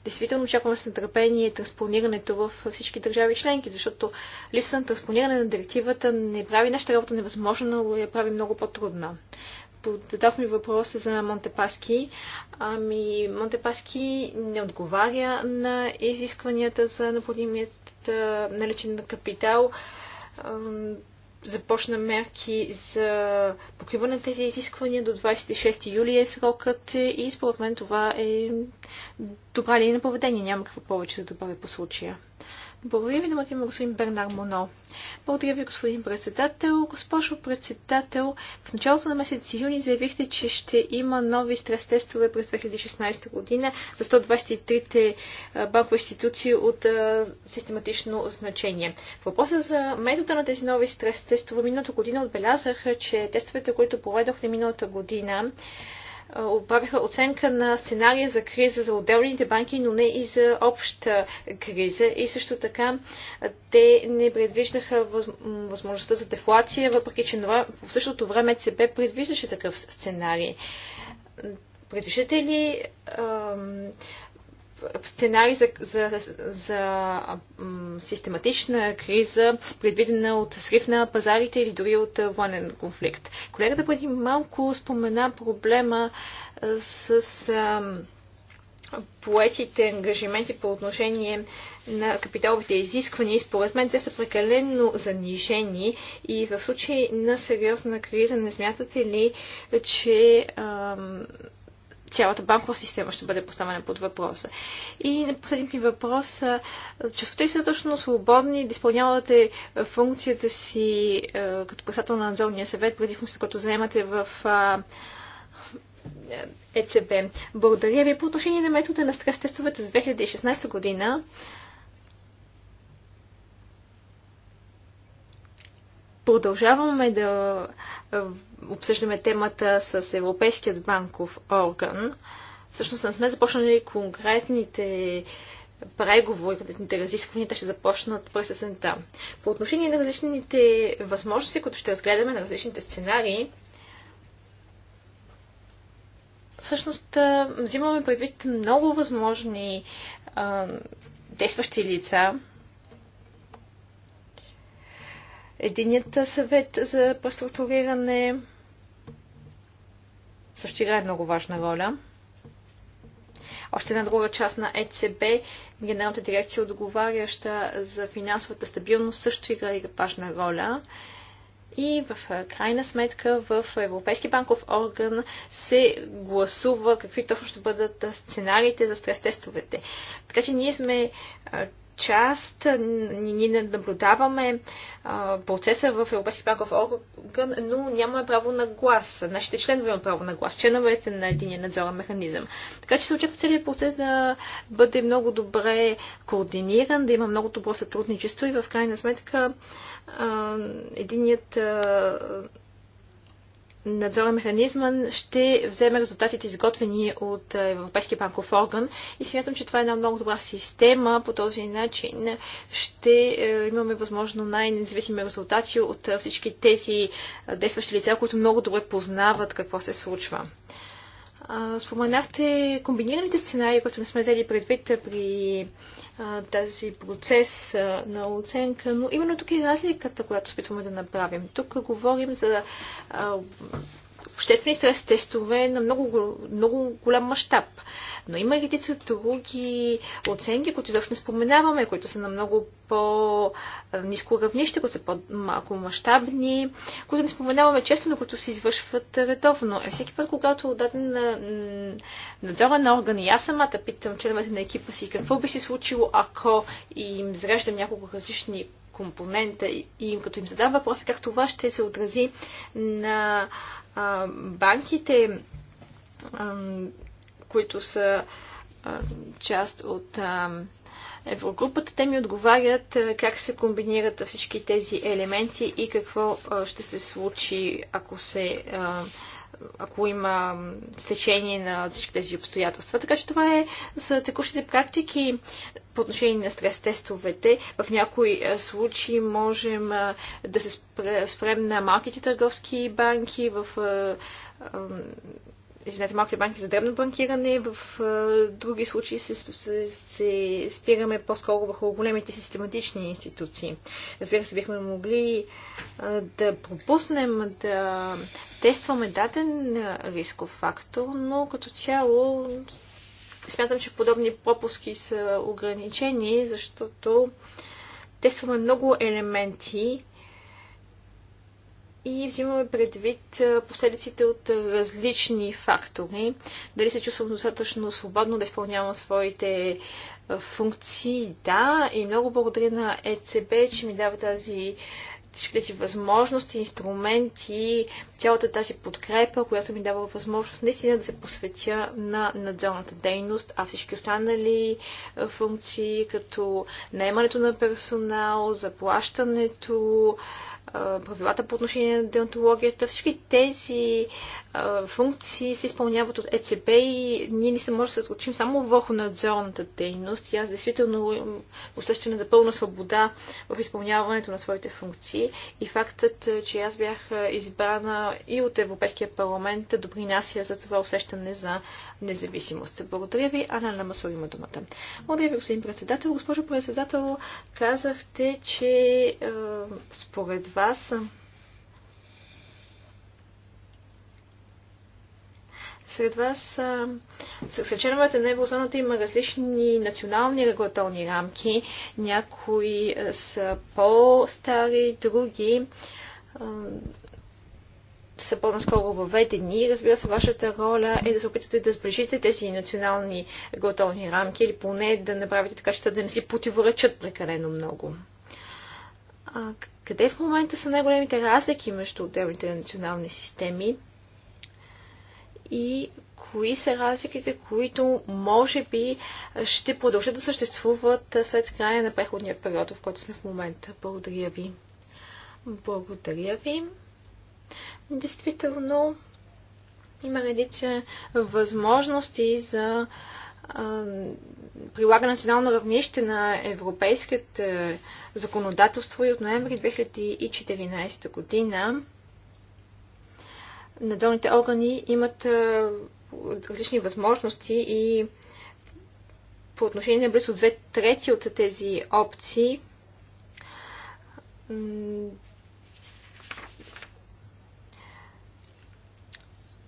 действително очакваме с нетърпение транспонирането в всички държави членки, защото липса на транспониране на директивата не прави нашата работа невъзможна, но я прави много по-трудна. Подадах ми въпроса за Монтепаски. Ами, Монтепаски не отговаря на изискванията за необходимият наличен на капитал започна мерки за покриване на тези изисквания до 26 юли е срокът и според мен това е добра линия на поведение. Няма какво повече да добавя по случая. Благодаря ви, думата има господин Бернар Моно. Благодаря ви, господин председател. Госпожо председател, в началото на месец юни заявихте, че ще има нови стрес тестове през 2016 година за 123-те банкови институции от а, систематично значение. Въпроса за метода на тези нови стрес тестове миналата година отбелязаха, че тестовете, които проведохте миналата година, обавиха оценка на сценария за криза за отделните банки, но не и за обща криза. И също така те не предвиждаха възможността за дефлация, въпреки че в същото време ЦБ предвиждаше такъв сценарий. Предвиждате ли сценарий за, за, за, систематична криза, предвидена от срив на пазарите или дори от военен конфликт. Колегата преди малко спомена проблема с. А, поетите ангажименти по отношение на капиталовите изисквания, според мен те са прекалено занижени и в случай на сериозна криза не смятате ли, че а, цялата банкова система ще бъде поставена под въпроса. И на последният ми въпрос, чувствате ли се точно свободни да изпълнявате функцията си като председател на надзорния съвет, преди функцията, която заемате в ЕЦБ. Благодаря ви по отношение на метода на стрес тестовете за 2016 година. Продължаваме да обсъждаме темата с Европейският банков орган. Всъщност не сме започнали конкретните преговори, конкретните разисквания, те ще започнат през есента. По отношение на различните възможности, които ще разгледаме, на различните сценарии, всъщност взимаме предвид много възможни а, действащи лица, Единият съвет за преструктуриране също играе много важна роля. Още една друга част на ЕЦБ, генералната дирекция отговаряща за финансовата стабилност, също играе важна роля. И в крайна сметка в Европейски банков орган се гласува какви точно ще бъдат сценариите за стрес тестовете. Така че ние сме част. Ние не наблюдаваме процеса в Европейски банков орган, но нямаме право на глас. Нашите членове имат право на глас, членовете на един надзорен механизъм. Така че се очаква целият процес да бъде много добре координиран, да има много добро сътрудничество и в крайна сметка единият надзорен механизъм ще вземе резултатите изготвени от е, Европейския банков орган и смятам, че това е една много добра система. По този начин ще е, имаме възможно най-независими резултати от е, всички тези действащи лица, които много добре познават какво се случва. Споменахте комбинираните сценарии, които не сме взели предвид при тази процес на оценка, но именно тук е разликата, която се опитваме да направим. Тук говорим за обществени стрес тестове на много, много голям мащаб. Но има и редица други оценки, които изобщо не споменаваме, които са на много по-низко равнище, които са по-малко мащабни, които не споменаваме често, но които се извършват редовно. Е, всеки път, когато даден на надзорен на орган и аз самата питам членовете на екипа си какво би се случило, ако им зреждам няколко различни компонента и им като им задава въпроса как това ще се отрази на а, банките, а, които са а, част от а, Еврогрупата, те ми отговарят как се комбинират всички тези елементи и какво ще се случи, ако се ако има стечение на всички тези обстоятелства. Така че това е за текущите практики по отношение на стрес-тестовете. В някои е, случаи можем е, да се спрем на малките търговски банки, в е, извинете, малките банки за древно банкиране, в в други случаи се, се, се спираме по-скоро върху големите систематични институции. Разбира се, бихме могли а, да пропуснем да тестваме даден рисков фактор, но като цяло смятам, че подобни пропуски са ограничени, защото тестваме много елементи и взимаме предвид последиците от различни фактори. Дали се чувствам достатъчно свободно да изпълнявам своите функции? Да. И много благодаря на ЕЦБ, че ми дава тази всички тези възможности, инструменти, цялата тази подкрепа, която ми дава възможност наистина да се посветя на надзорната дейност, а всички останали функции, като наемането на персонал, заплащането, правилата по отношение на деонтологията. Всички тези функции се изпълняват от ЕЦБ и ние не се може да се отключим само върху надзорната дейност. И аз действително усещане за пълна свобода в изпълняването на своите функции. И фактът, че аз бях избрана и от Европейския парламент, допринася за това усещане за независимост. Благодаря ви. Ана Ламасова има думата. Благодаря ви, господин председател. Госпожо председател, казахте, че според вас вас. Сред вас, сред членовете на има различни национални регулаторни рамки. Някои са по-стари, други са по-наскоро въведени. Разбира се, вашата роля е да се опитате да сближите тези национални готовни рамки или поне да направите така, че да не си противоречат прекалено много. А, къде в момента са най-големите разлики между отделните национални системи и кои са разликите, които може би ще продължат да съществуват след края на преходния период, в който сме в момента. Благодаря ви. Благодаря ви. Действително, има редица възможности за прилага национално равнище на европейският е, законодателство и от ноември 2014 година надзорните органи имат е, различни възможности и по отношение на близо две трети от тези опции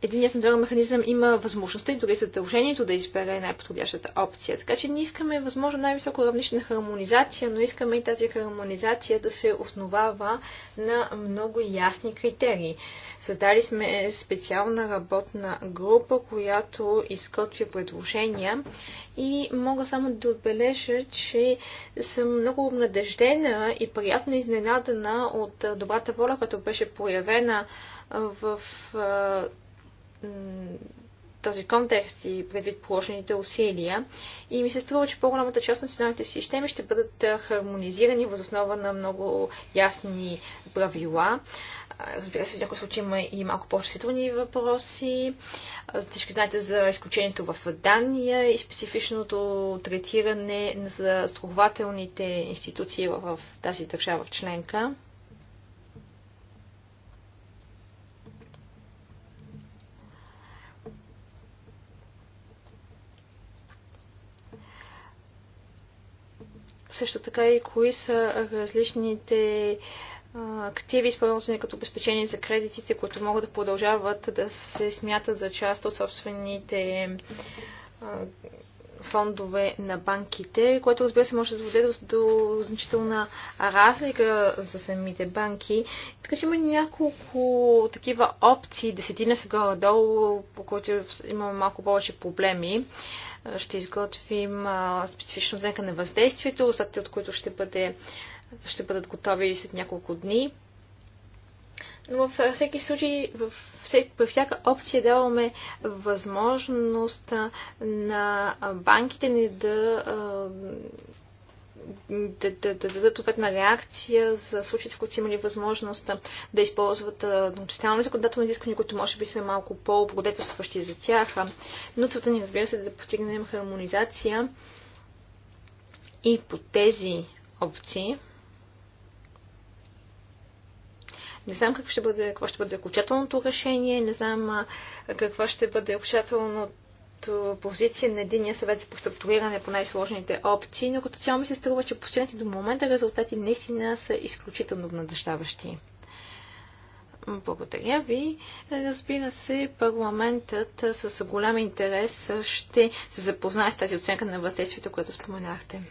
единият надзорен механизъм има възможността и дори задължението да избере най-подходящата опция. Така че ние искаме възможно най-високо равнище на хармонизация, но искаме и тази хармонизация да се основава на много ясни критерии. Създали сме специална работна група, която изготвя предложения и мога само да отбележа, че съм много обнадеждена и приятно изненадана от добрата воля, която беше проявена в този контекст и предвид положените усилия. И ми се струва, че по-голямата част от националните системи ще бъдат хармонизирани въз основа на много ясни правила. Разбира се, в някои случаи има и малко по-чувствителни въпроси. Всички знаете за изключението в Дания и специфичното третиране на застрахователните институции в тази държава в членка. също така и кои са различните активи, използвани като обезпечение за кредитите, които могат да продължават да се смятат за част от собствените фондове на банките, което разбира се може да доведе до, до значителна разлика за самите банки. Така че има няколко такива опции, десетина се горе-долу, по които имаме малко повече проблеми. Ще изготвим специфична оценка на въздействието, остатите от които ще, бъде, ще бъдат готови след няколко дни но във всеки случай, във всек, всяка опция даваме възможност на банките ни да да, дадат ответна реакция за случаите, в които са имали възможност да използват национални законодателни изисквания, които може би са малко по благодетелстващи за тях. Но целта ни, разбира се, е да постигнем хармонизация и по тези опции. Не знам какво ще бъде, какво ще бъде окончателното решение, не знам каква ще бъде окончателното позиция на единия съвет за преструктуриране по най-сложните опции, но като цяло ми се струва, че последните до момента резултати наистина са изключително обнадъждаващи. Благодаря ви. Разбира се, парламентът с голям интерес ще се запознае с тази оценка на въздействието, което споменахте.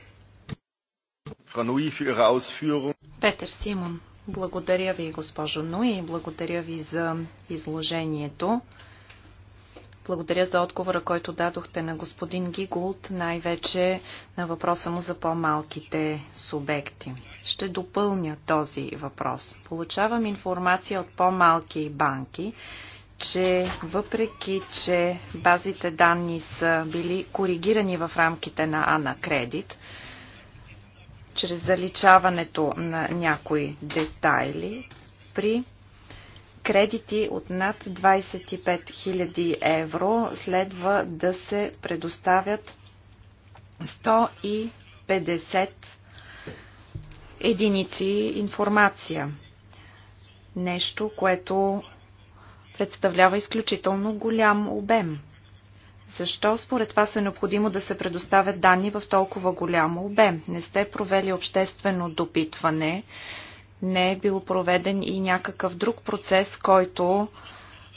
Петър Симон. Благодаря ви, госпожо Нуи. Благодаря ви за изложението. Благодаря за отговора, който дадохте на господин Гигулт, най-вече на въпроса му за по-малките субекти. Ще допълня този въпрос. Получавам информация от по-малки банки, че въпреки, че базите данни са били коригирани в рамките на Ана Кредит, чрез заличаването на някои детайли при кредити от над 25 000 евро следва да се предоставят 150 единици информация. Нещо, което представлява изключително голям обем. Защо според вас е необходимо да се предоставят данни в толкова голям обем? Не сте провели обществено допитване, не е бил проведен и някакъв друг процес, който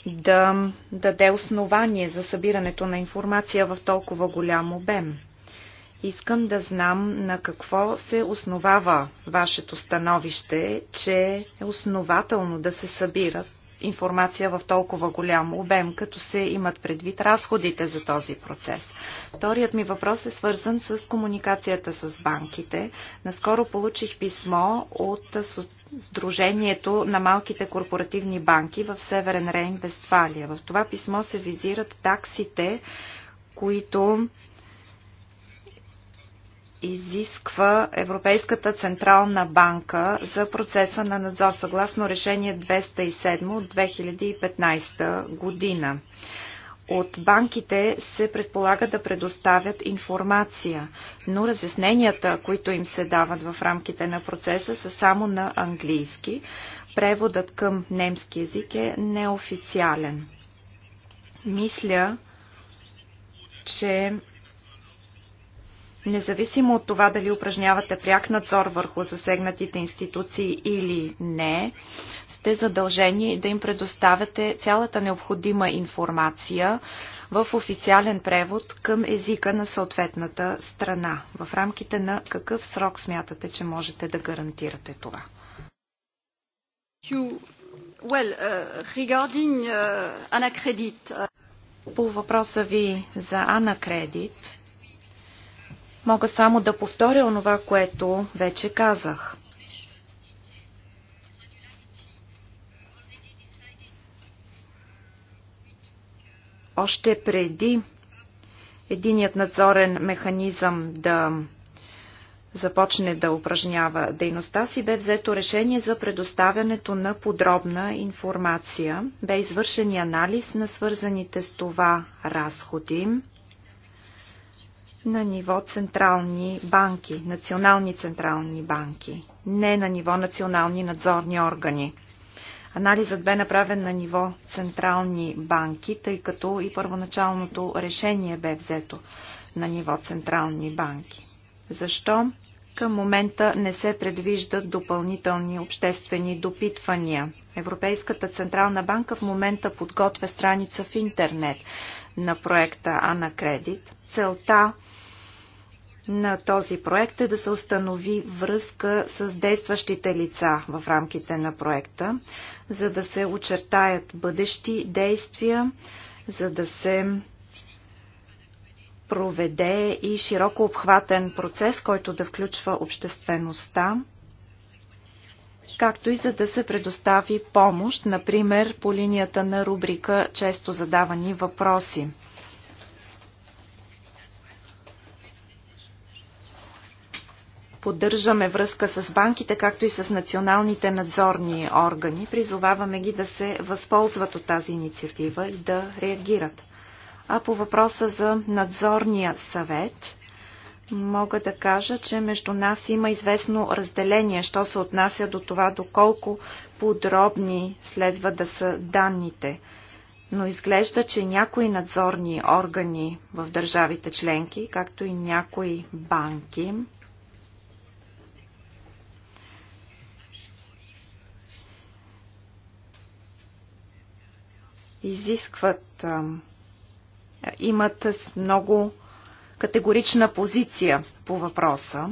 да даде основание за събирането на информация в толкова голям обем. Искам да знам на какво се основава вашето становище, че е основателно да се събират информация в толкова голям обем, като се имат предвид разходите за този процес. Вторият ми въпрос е свързан с комуникацията с банките. Наскоро получих писмо от Сдружението на малките корпоративни банки в Северен Рейн, Вестфалия. В това писмо се визират таксите, които изисква Европейската централна банка за процеса на надзор съгласно решение 207 от 2015 година. От банките се предполага да предоставят информация, но разясненията, които им се дават в рамките на процеса, са само на английски. Преводът към немски язик е неофициален. Мисля, че Независимо от това дали упражнявате пряк надзор върху засегнатите институции или не, сте задължени да им предоставяте цялата необходима информация в официален превод към езика на съответната страна. В рамките на какъв срок смятате, че можете да гарантирате това? Well, uh, regarding uh, uh По въпроса ви за Анакредит, Мога само да повторя онова, което вече казах. Още преди единият надзорен механизъм да започне да упражнява дейността си, бе взето решение за предоставянето на подробна информация. Бе извършен анализ на свързаните с това разходи на ниво централни банки, национални централни банки, не на ниво национални надзорни органи. Анализът бе направен на ниво централни банки, тъй като и първоначалното решение бе взето на ниво централни банки. Защо? Към момента не се предвиждат допълнителни обществени допитвания. Европейската Централна банка в момента подготвя страница в интернет на проекта Ана Кредит. Целта на този проект е да се установи връзка с действащите лица в рамките на проекта, за да се очертаят бъдещи действия, за да се проведе и широко обхватен процес, който да включва обществеността, както и за да се предостави помощ, например по линията на рубрика Често задавани въпроси – Поддържаме връзка с банките, както и с националните надзорни органи. Призоваваме ги да се възползват от тази инициатива и да реагират. А по въпроса за надзорния съвет, мога да кажа, че между нас има известно разделение, що се отнася до това доколко подробни следва да са данните. Но изглежда, че някои надзорни органи в държавите членки, както и някои банки, изискват, имат много категорична позиция по въпроса,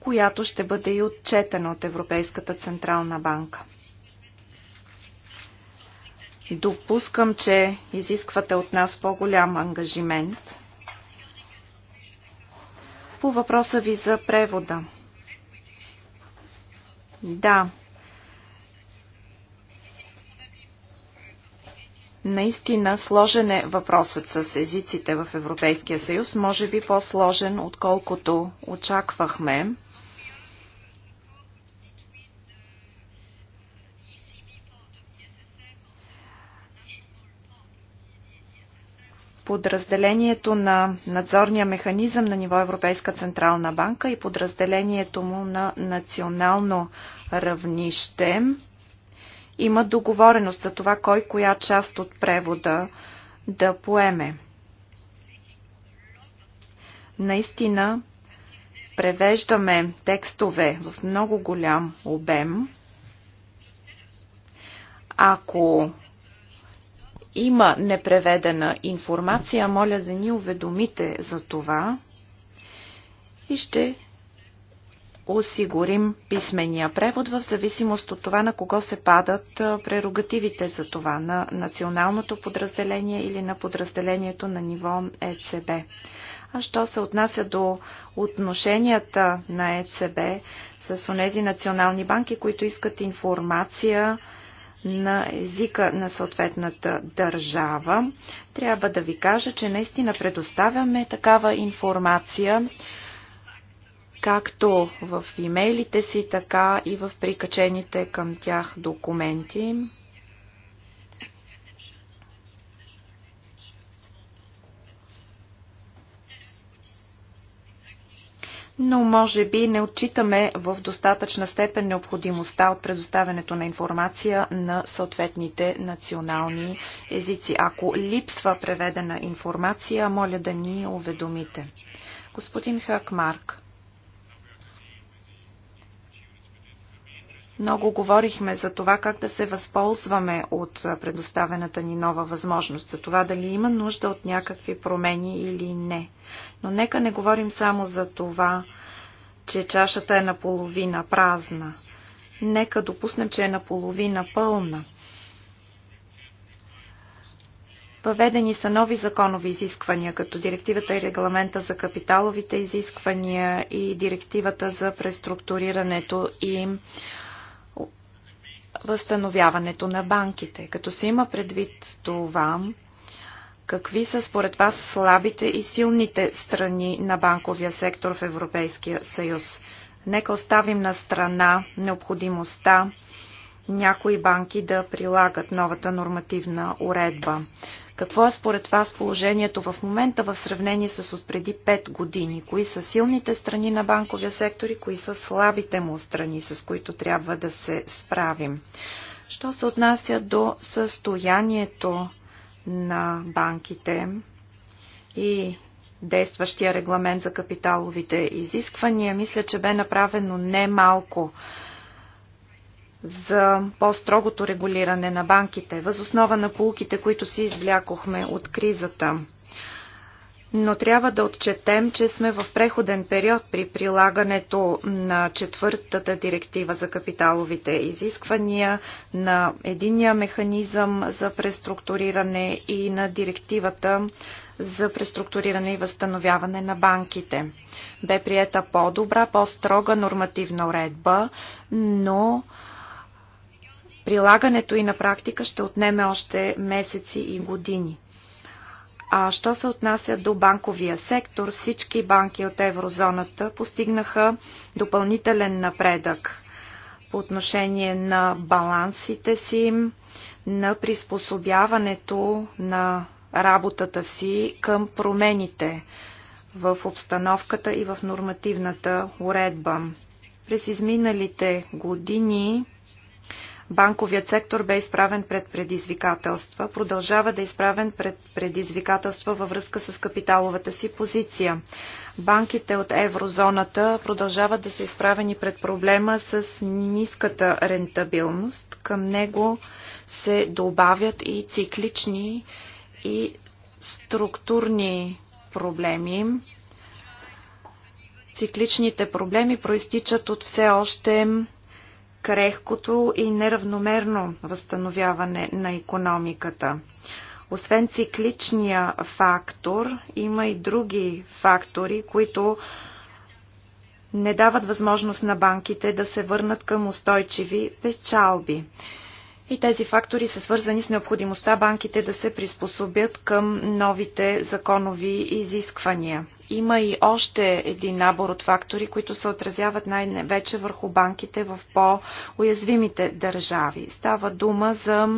която ще бъде и отчетена от Европейската Централна банка. Допускам, че изисквате от нас по-голям ангажимент. По въпроса ви за превода. Да, Наистина сложен е въпросът с езиците в Европейския съюз, може би по-сложен, отколкото очаквахме. подразделението на надзорния механизъм на ниво Европейска Централна банка и подразделението му на национално равнище има договореност за това кой коя част от превода да поеме. Наистина, превеждаме текстове в много голям обем. Ако има непреведена информация, моля да ни уведомите за това и ще осигурим писмения превод в зависимост от това на кого се падат прерогативите за това, на националното подразделение или на подразделението на ниво ЕЦБ. А що се отнася до отношенията на ЕЦБ с онези национални банки, които искат информация на езика на съответната държава, трябва да ви кажа, че наистина предоставяме такава информация както в имейлите си, така и в прикачените към тях документи. но може би не отчитаме в достатъчна степен необходимостта от предоставянето на информация на съответните национални езици. Ако липсва преведена информация, моля да ни уведомите. Господин Хакмарк, Много говорихме за това как да се възползваме от предоставената ни нова възможност, за това дали има нужда от някакви промени или не. Но нека не говорим само за това, че чашата е наполовина празна. Нека допуснем, че е наполовина пълна. Въведени са нови законови изисквания, като директивата и регламента за капиталовите изисквания и директивата за преструктурирането и възстановяването на банките. Като се има предвид това, какви са според вас слабите и силните страни на банковия сектор в Европейския съюз? Нека оставим на страна необходимостта някои банки да прилагат новата нормативна уредба. Какво е според вас положението в момента в сравнение с от преди 5 години? Кои са силните страни на банковия сектор и кои са слабите му страни, с които трябва да се справим? Що се отнася до състоянието на банките и действащия регламент за капиталовите изисквания, мисля, че бе направено немалко малко за по-строгото регулиране на банките, възоснова на полуките, които си извлякохме от кризата. Но трябва да отчетем, че сме в преходен период при прилагането на четвъртата директива за капиталовите изисквания, на единия механизъм за преструктуриране и на директивата за преструктуриране и възстановяване на банките. Бе приета по-добра, по-строга нормативна уредба, но прилагането и на практика ще отнеме още месеци и години. А що се отнася до банковия сектор, всички банки от еврозоната постигнаха допълнителен напредък по отношение на балансите си, на приспособяването на работата си към промените в обстановката и в нормативната уредба. През изминалите години Банковият сектор бе изправен пред предизвикателства, продължава да е изправен пред предизвикателства във връзка с капиталовата си позиция. Банките от еврозоната продължават да са изправени пред проблема с ниската рентабилност. Към него се добавят и циклични и структурни проблеми. Цикличните проблеми проистичат от все още крехкото и неравномерно възстановяване на економиката. Освен цикличния фактор, има и други фактори, които не дават възможност на банките да се върнат към устойчиви печалби. И тези фактори са свързани с необходимостта банките да се приспособят към новите законови изисквания. Има и още един набор от фактори, които се отразяват най-вече върху банките в по-уязвимите държави. Става дума за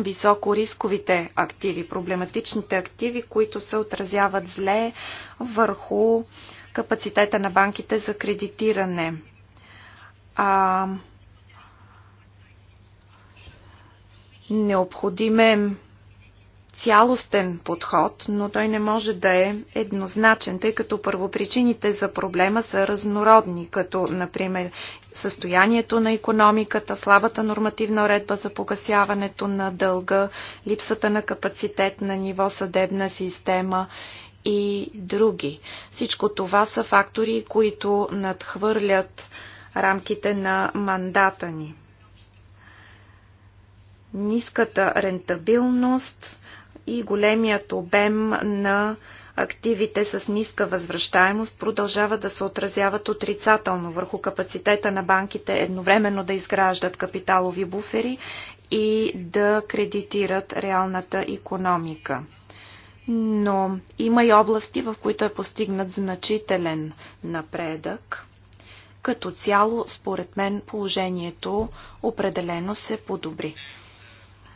високорисковите активи, проблематичните активи, които се отразяват зле върху капацитета на банките за кредитиране. А, Необходим е цялостен подход, но той не може да е еднозначен, тъй като първопричините за проблема са разнородни, като, например, състоянието на економиката, слабата нормативна уредба за погасяването на дълга, липсата на капацитет на ниво съдебна система и други. Всичко това са фактори, които надхвърлят рамките на мандата ни ниската рентабилност и големият обем на активите с ниска възвръщаемост продължават да се отразяват отрицателно върху капацитета на банките едновременно да изграждат капиталови буфери и да кредитират реалната економика. Но има и области, в които е постигнат значителен напредък. Като цяло, според мен, положението определено се подобри.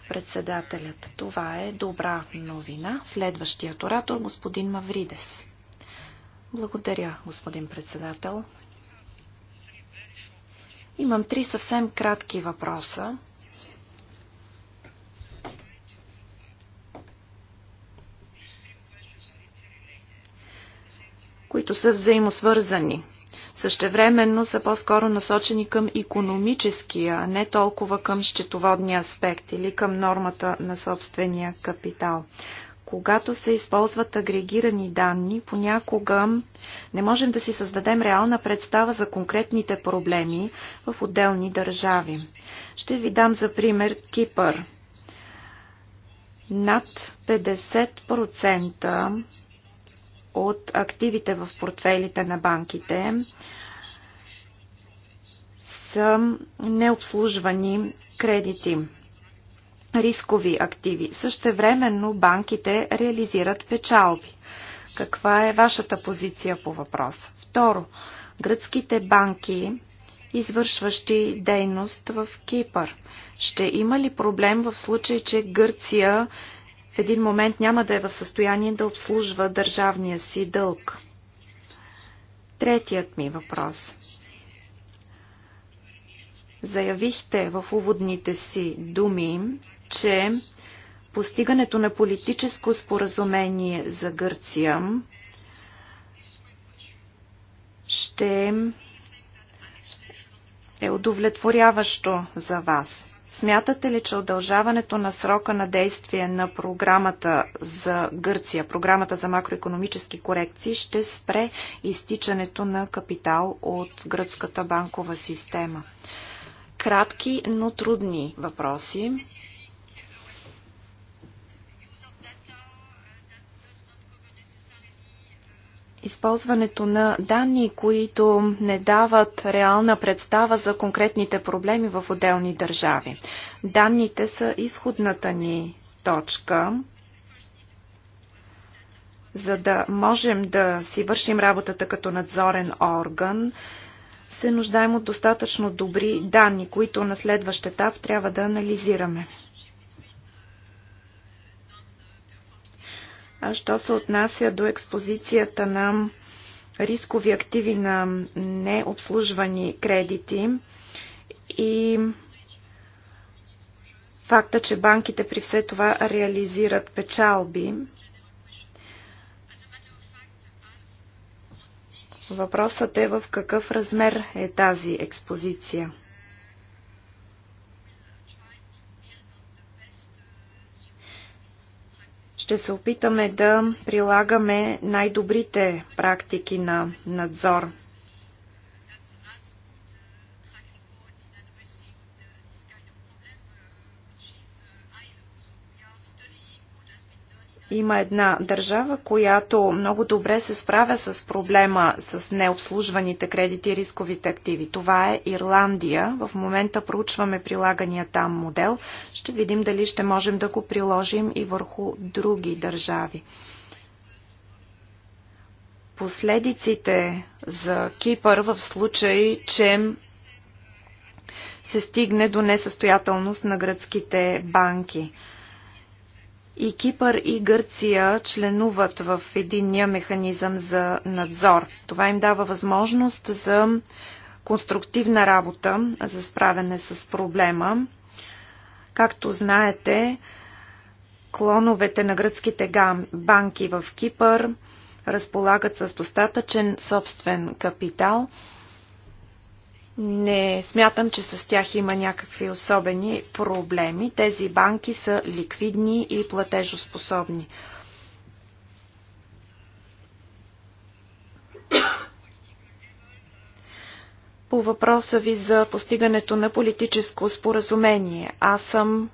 Председателят. Това е добра новина. Следващият оратор, господин Мавридес. Благодаря, господин председател. Имам три съвсем кратки въпроса. които са взаимосвързани същевременно са по-скоро насочени към економическия, а не толкова към счетоводния аспект или към нормата на собствения капитал. Когато се използват агрегирани данни, понякога не можем да си създадем реална представа за конкретните проблеми в отделни държави. Ще ви дам за пример Кипър. Над 50% от активите в портфелите на банките са необслужвани кредити рискови активи. Същевременно банките реализират печалби. Каква е вашата позиция по въпроса? Второ, гръцките банки, извършващи дейност в Кипър. Ще има ли проблем в случай, че Гърция в един момент няма да е в състояние да обслужва държавния си дълг. Третият ми въпрос. Заявихте в уводните си думи, че постигането на политическо споразумение за Гърция ще е удовлетворяващо за вас. Смятате ли, че удължаването на срока на действие на програмата за Гърция, програмата за макроекономически корекции, ще спре изтичането на капитал от гръцката банкова система? Кратки, но трудни въпроси. използването на данни, които не дават реална представа за конкретните проблеми в отделни държави. Данните са изходната ни точка, за да можем да си вършим работата като надзорен орган, се нуждаем от достатъчно добри данни, които на следващ етап трябва да анализираме. А що се отнася до експозицията на рискови активи на необслужвани кредити и факта, че банките при все това реализират печалби, Въпросът е в какъв размер е тази експозиция. Ще се опитаме да прилагаме най-добрите практики на надзор Има една държава, която много добре се справя с проблема с необслужваните кредити и рисковите активи. Това е Ирландия. В момента проучваме прилагания там модел. Ще видим дали ще можем да го приложим и върху други държави. Последиците за Кипър в случай, че се стигне до несъстоятелност на гръцките банки – и Кипър и Гърция членуват в единния механизъм за надзор. Това им дава възможност за конструктивна работа за справяне с проблема. Както знаете, клоновете на гръцките банки в Кипър разполагат с достатъчен собствен капитал – не смятам, че с тях има някакви особени проблеми. Тези банки са ликвидни и платежоспособни. По въпроса ви за постигането на политическо споразумение, аз съм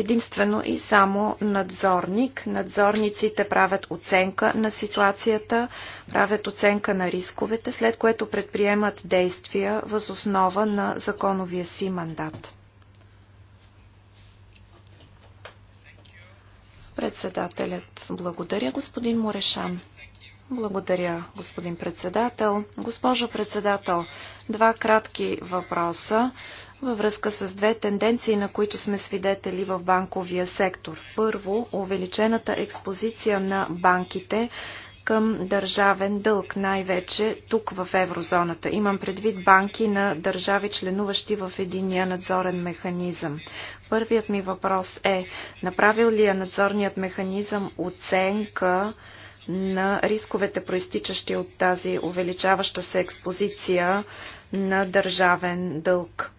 единствено и само надзорник. Надзорниците правят оценка на ситуацията, правят оценка на рисковете, след което предприемат действия въз основа на законовия си мандат. Председателят. Благодаря, господин Морешан. Благодаря, господин председател. Госпожо председател, два кратки въпроса във връзка с две тенденции, на които сме свидетели в банковия сектор. Първо, увеличената експозиция на банките към държавен дълг, най-вече тук в еврозоната. Имам предвид банки на държави, членуващи в единия надзорен механизъм. Първият ми въпрос е, направил ли е надзорният механизъм оценка на рисковете, проистичащи от тази увеличаваща се експозиция на държавен дълг?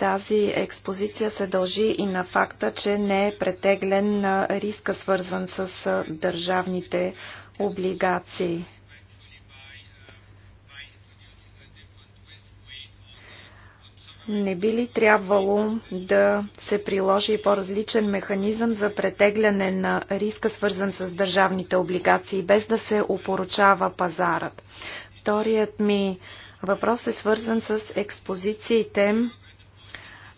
Тази експозиция се дължи и на факта, че не е претеглен на риска, свързан с държавните облигации. не би ли трябвало да се приложи по-различен механизъм за претегляне на риска, свързан с държавните облигации, без да се опоручава пазарът? Вторият ми въпрос е свързан с експозициите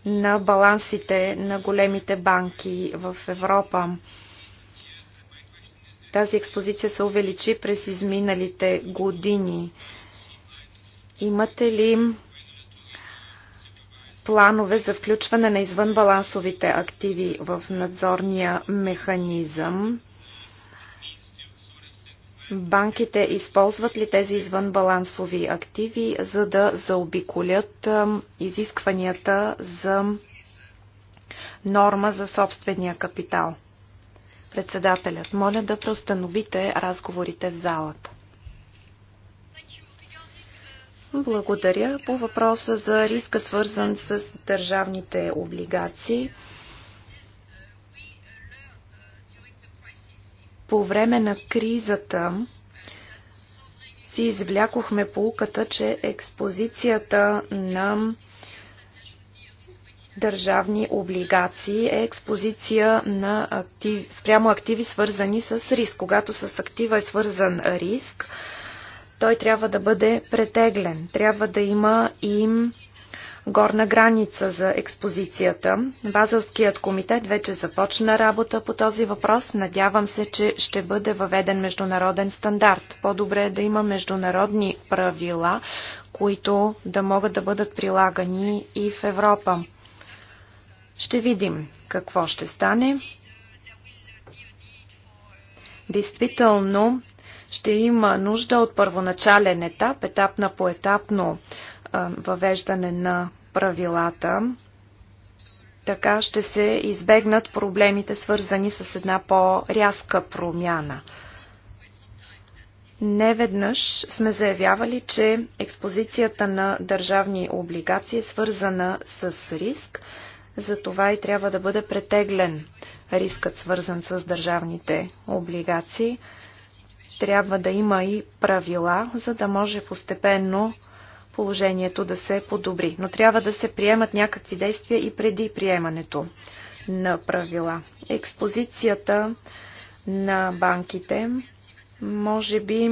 на балансите на големите банки в Европа. Тази експозиция се увеличи през изминалите години. Имате ли планове за включване на извънбалансовите активи в надзорния механизъм? Банките използват ли тези извънбалансови активи, за да заобиколят изискванията за норма за собствения капитал? Председателят, моля да преустановите разговорите в залата. Благодаря. По въпроса за риска, свързан с държавните облигации, По време на кризата си извлякохме полуката, че експозицията на държавни облигации е експозиция на актив, спрямо активи свързани с риск. Когато с актива е свързан риск, той трябва да бъде претеглен. Трябва да има им горна граница за експозицията. Базълският комитет вече започна работа по този въпрос. Надявам се, че ще бъде въведен международен стандарт. По-добре е да има международни правила, които да могат да бъдат прилагани и в Европа. Ще видим какво ще стане. Действително ще има нужда от първоначален етап, етап на поетапно етапно въвеждане на правилата. Така ще се избегнат проблемите, свързани с една по-рязка промяна. Неведнъж сме заявявали, че експозицията на държавни облигации е свързана с риск, затова и трябва да бъде претеглен рискът, свързан с държавните облигации. Трябва да има и правила, за да може постепенно положението да се подобри. Но трябва да се приемат някакви действия и преди приемането на правила. Експозицията на банките може би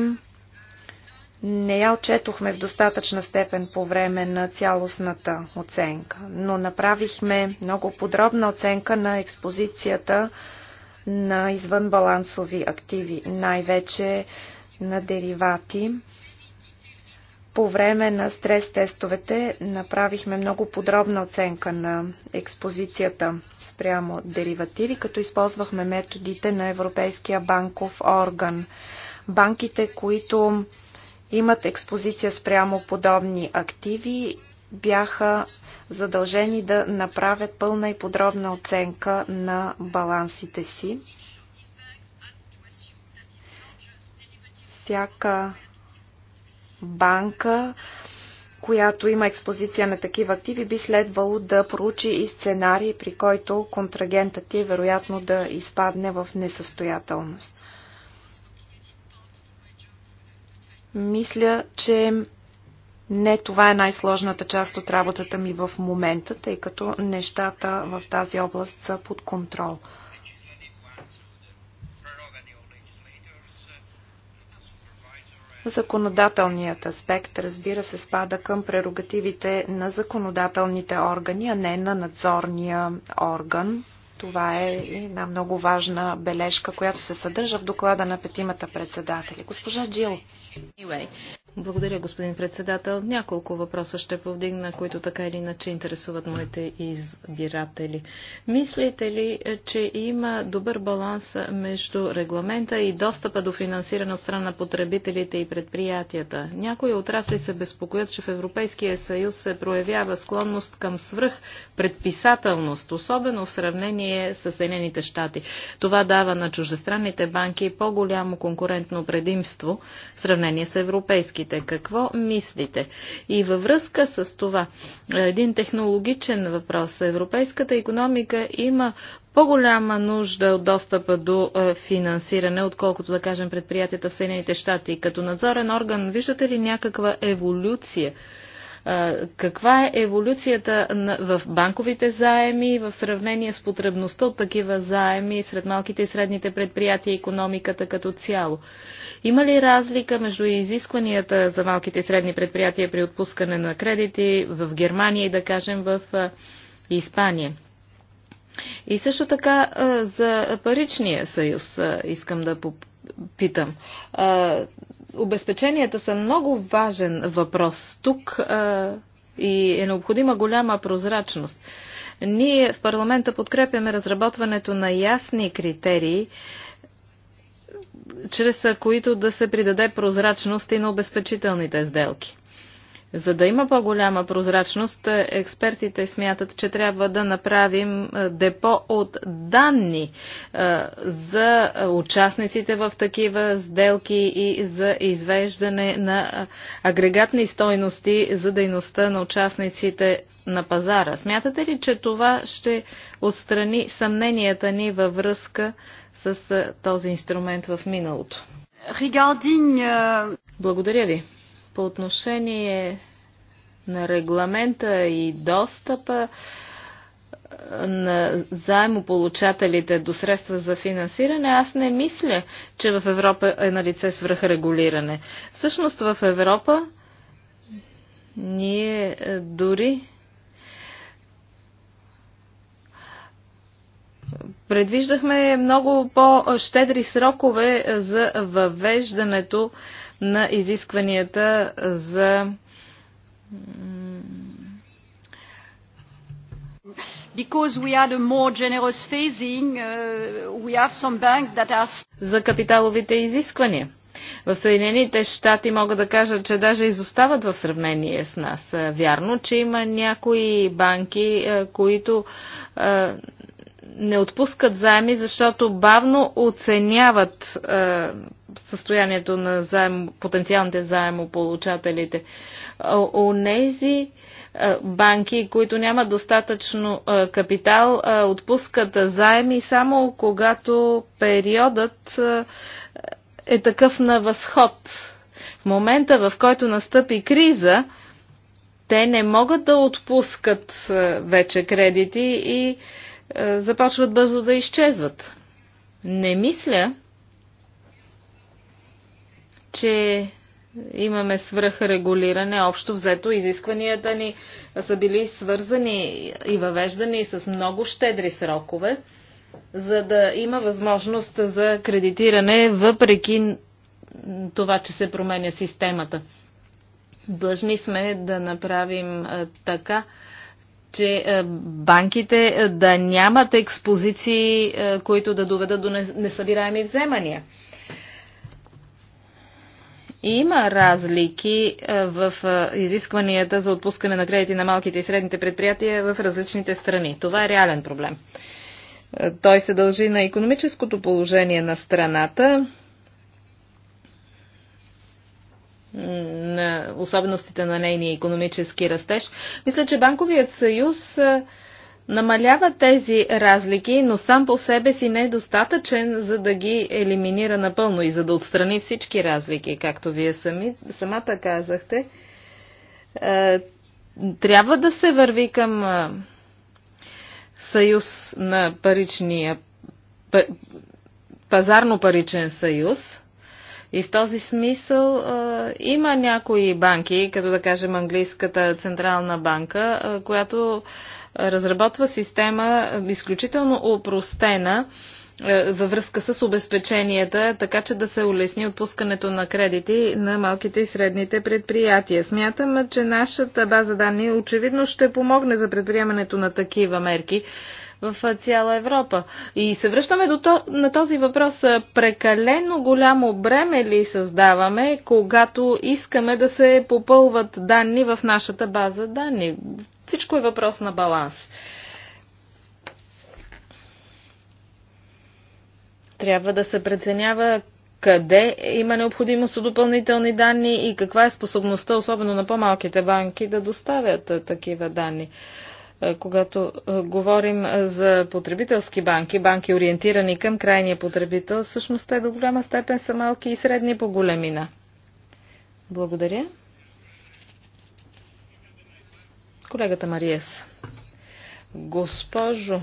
не я отчетохме в достатъчна степен по време на цялостната оценка, но направихме много подробна оценка на експозицията на извънбалансови активи, най-вече на деривати. По време на стрес тестовете направихме много подробна оценка на експозицията спрямо деривативи, като използвахме методите на Европейския банков орган. Банките, които имат експозиция спрямо подобни активи, бяха задължени да направят пълна и подробна оценка на балансите си. Всяка банка, която има експозиция на такива активи, би следвало да проучи и сценарии, при който контрагентът ти е вероятно да изпадне в несъстоятелност. Мисля, че не това е най-сложната част от работата ми в момента, тъй като нещата в тази област са под контрол. Законодателният аспект, разбира се, спада към прерогативите на законодателните органи, а не на надзорния орган. Това е една много важна бележка, която се съдържа в доклада на петимата председатели. Госпожа Джил. Благодаря, господин председател. Няколко въпроса ще повдигна, които така или иначе интересуват моите избиратели. Мислите ли, е, че има добър баланс между регламента и достъпа до финансиране от страна на потребителите и предприятията? Някои отрасли се безпокоят, че в Европейския съюз се проявява склонност към свръх предписателност, особено в сравнение с Съединените щати. Това дава на чуждестранните банки по-голямо конкурентно предимство в сравнение с европейски мерките? Какво мислите? И във връзка с това, един технологичен въпрос. Европейската економика има по-голяма нужда от достъпа до е, финансиране, отколкото да кажем предприятията в Съединените щати. Като надзорен орган, виждате ли някаква еволюция каква е еволюцията в банковите заеми в сравнение с потребността от такива заеми сред малките и средните предприятия и економиката като цяло? Има ли разлика между изискванията за малките и средни предприятия при отпускане на кредити в Германия и да кажем в Испания? И също така за паричния съюз искам да питам. Обезпеченията са много важен въпрос. Тук и е необходима голяма прозрачност. Ние в парламента подкрепяме разработването на ясни критерии, чрез които да се придаде прозрачност и на обезпечителните сделки. За да има по-голяма прозрачност, е, експертите смятат, че трябва да направим е, депо от данни е, за участниците в такива сделки и за извеждане на агрегатни стойности за дейността на участниците на пазара. Смятате ли, че това ще отстрани съмненията ни във връзка с този инструмент в миналото? Благодаря ви. По отношение на регламента и достъпа на заемополучателите до средства за финансиране, аз не мисля, че в Европа е на лице свръхрегулиране. Всъщност в Европа ние е, дори предвиждахме много по-щедри срокове е, за въвеждането на изискванията за Because we had a more generous phasing, uh, we have some banks that are... За капиталовите изисквания. В Съединените щати мога да кажа, че даже изостават в сравнение с нас. Е, вярно, че има някои банки, е, които е, не отпускат заеми, защото бавно оценяват е, състоянието на заем, потенциалните заемополучателите. Онези е, банки, които нямат достатъчно е, капитал, е, отпускат заеми само когато периодът е, е такъв на възход. В момента, в който настъпи криза, те не могат да отпускат е, вече кредити и е, започват бързо да изчезват. Не мисля, че имаме свръхрегулиране. Общо взето изискванията ни са били свързани и въвеждани с много щедри срокове, за да има възможност за кредитиране, въпреки това, че се променя системата. Длъжни сме да направим е, така, че е, банките е, да нямат експозиции, е, които да доведат до несъбираеми вземания. Има разлики в изискванията за отпускане на кредити на малките и средните предприятия в различните страни. Това е реален проблем. Той се дължи на економическото положение на страната, на особеностите на нейния економически растеж. Мисля, че Банковият съюз намалява тези разлики, но сам по себе си не е достатъчен, за да ги елиминира напълно и за да отстрани всички разлики, както вие сами, самата казахте. Трябва да се върви към съюз на паричния пазарно-паричен съюз, и в този смисъл а, има някои банки, като да кажем Английската централна банка, а, която разработва система изключително упростена а, във връзка с обезпеченията, така че да се улесни отпускането на кредити на малките и средните предприятия. Смятам, че нашата база данни очевидно ще помогне за предприемането на такива мерки в цяла Европа. И се връщаме до то, на този въпрос. Прекалено голямо бреме ли създаваме, когато искаме да се попълват данни в нашата база данни? Всичко е въпрос на баланс. Трябва да се преценява къде има необходимост от допълнителни данни и каква е способността, особено на по-малките банки, да доставят такива данни. Е, когато е, говорим е, за потребителски банки, банки ориентирани към крайния потребител, всъщност те до голяма степен са малки и средни по големина. Благодаря. Колегата Мариес. Госпожо,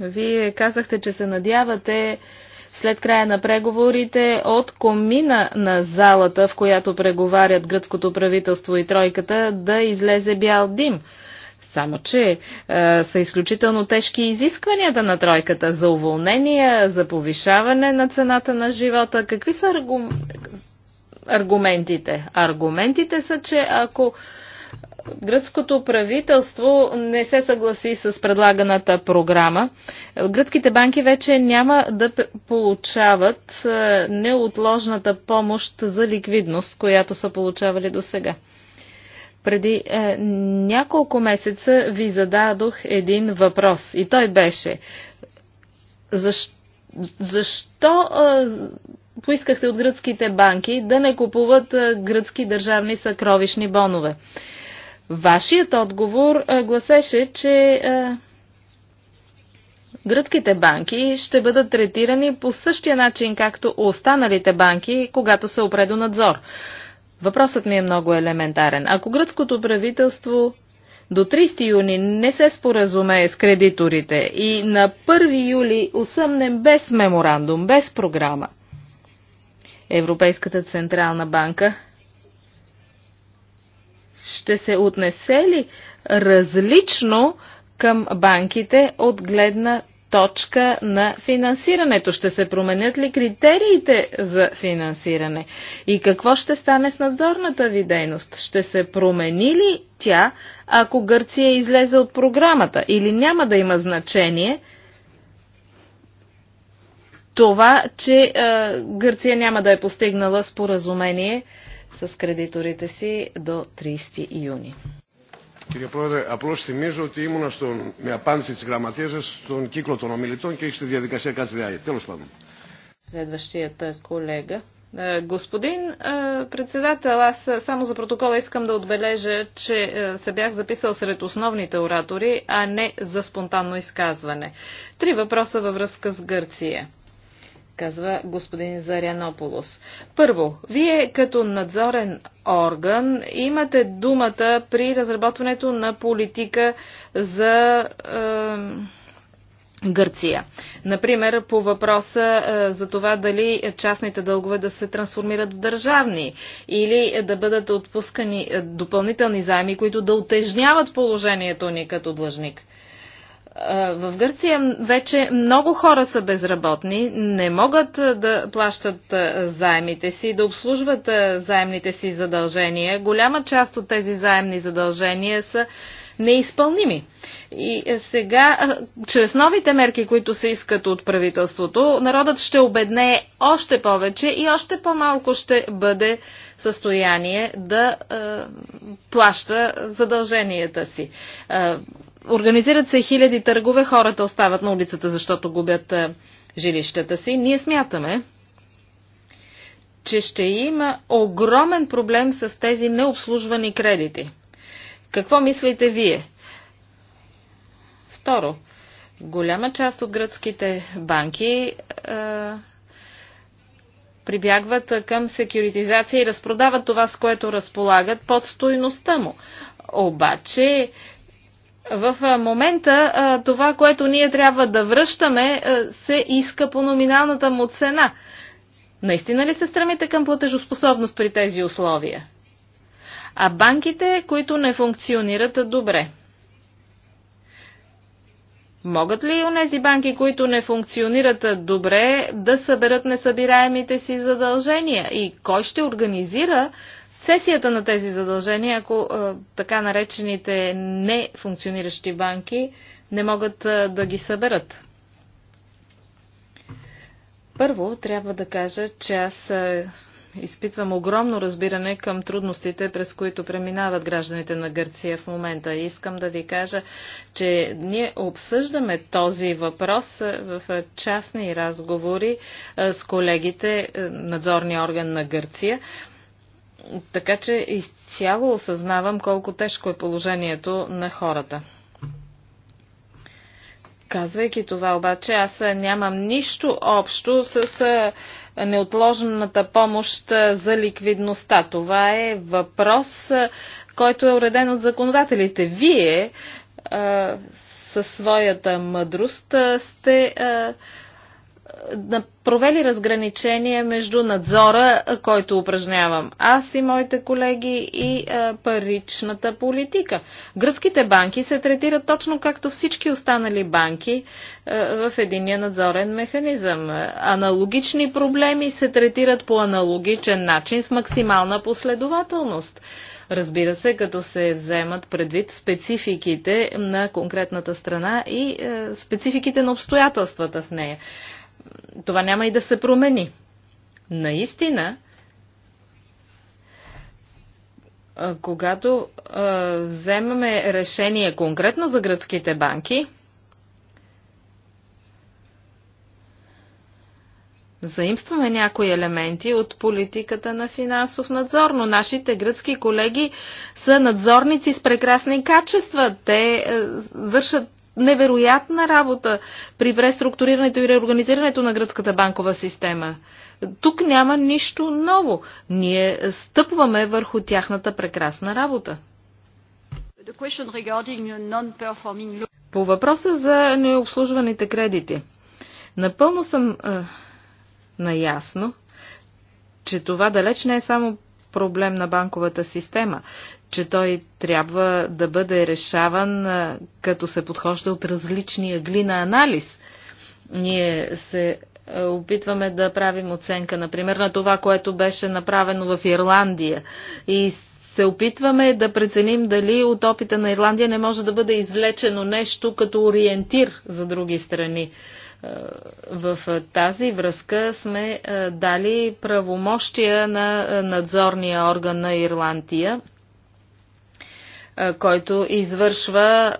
вие казахте, че се надявате след края на преговорите от комина на залата, в която преговарят гръцкото правителство и тройката, да излезе бял дим. Само, че е, са изключително тежки изискванията на тройката за уволнение, за повишаване на цената на живота. Какви са аргум... аргументите? Аргументите са, че ако гръцкото правителство не се съгласи с предлаганата програма. Гръцките банки вече няма да получават е, неотложната помощ за ликвидност, която са получавали до сега. Преди е, няколко месеца ви зададох един въпрос и той беше защо, защо е, поискахте от гръцките банки да не купуват е, гръцки държавни съкровищни бонове? Вашият отговор е, гласеше, че е, гръцките банки ще бъдат третирани по същия начин, както останалите банки, когато се опре до надзор. Въпросът ми е много елементарен. Ако гръцкото правителство до 30 юни не се споразумее с кредиторите и на 1 юли усъмнем без меморандум, без програма, Европейската централна банка ще се отнесе ли различно към банките от гледна точка на финансирането? Ще се променят ли критериите за финансиране? И какво ще стане с надзорната ви дейност? Ще се промени ли тя, ако Гърция излезе от програмата? Или няма да има значение това, че е, Гърция няма да е постигнала споразумение с кредиторите си до 30 юни? Κύριε Πρόεδρε, απλώ θυμίζω ότι ήμουν στον, με απάντηση τη γραμματεία σα στον κύκλο των ομιλητών και έχει τη διαδικασία κάτι ΚΑΤΣΔΙ. Τέλο πάντων. Следващият е, е, Господин е, председател, аз само за протокола искам да отбележа, че се бях записал сред основните оратори, а не за спонтанно изказване. Три въпроса във връзка с Гърция казва господин Зарянополос. Първо, вие като надзорен орган имате думата при разработването на политика за е, Гърция. Например, по въпроса е, за това дали частните дългове да се трансформират в държавни или да бъдат отпускани е, допълнителни заеми, които да отежняват положението ни като длъжник. В Гърция вече много хора са безработни, не могат да плащат заемите си, да обслужват заемните си задължения. Голяма част от тези заемни задължения са неизпълними. И сега, чрез новите мерки, които се искат от правителството, народът ще обеднее още повече и още по-малко ще бъде в състояние да е, плаща задълженията си. Е, Организират се хиляди търгове, хората остават на улицата, защото губят е, жилищата си. Ние смятаме, че ще има огромен проблем с тези необслужвани кредити. Какво мислите вие? Второ, голяма част от гръцките банки е, прибягват към секюритизация и разпродават това, с което разполагат под стойността му. Обаче в момента това, което ние трябва да връщаме, се иска по номиналната му цена. Наистина ли се стремите към платежоспособност при тези условия? А банките, които не функционират добре. Могат ли онези банки, които не функционират добре, да съберат несъбираемите си задължения? И кой ще организира Цесията на тези задължения, ако е, така наречените нефункциониращи банки не могат е, да ги съберат. Първо, трябва да кажа, че аз е, изпитвам огромно разбиране към трудностите, през които преминават гражданите на Гърция в момента. И искам да ви кажа, че ние обсъждаме този въпрос в частни разговори с колегите, надзорния орган на Гърция. Така че изцяло осъзнавам колко тежко е положението на хората. Казвайки това обаче, аз нямам нищо общо с неотложната помощ за ликвидността. Това е въпрос, който е уреден от законодателите. Вие със своята мъдрост сте провели разграничение между надзора, който упражнявам аз и моите колеги, и паричната политика. Гръцките банки се третират точно както всички останали банки в единия надзорен механизъм. Аналогични проблеми се третират по аналогичен начин с максимална последователност. Разбира се, като се вземат предвид спецификите на конкретната страна и спецификите на обстоятелствата в нея това няма и да се промени. Наистина, когато вземаме решение конкретно за гръцките банки, заимстваме някои елементи от политиката на финансов надзор, но нашите гръцки колеги са надзорници с прекрасни качества. Те вършат невероятна работа при преструктурирането и реорганизирането на гръцката банкова система. Тук няма нищо ново. Ние стъпваме върху тяхната прекрасна работа. По въпроса за необслужваните кредити. Напълно съм а, наясно, че това далеч не е само проблем на банковата система, че той трябва да бъде решаван като се подхожда от различни глина на анализ. Ние се опитваме да правим оценка, например, на това, което беше направено в Ирландия и се опитваме да преценим дали от опита на Ирландия не може да бъде извлечено нещо като ориентир за други страни. Е, в тази връзка сме е, дали правомощия на е, надзорния орган на Ирландия, който извършва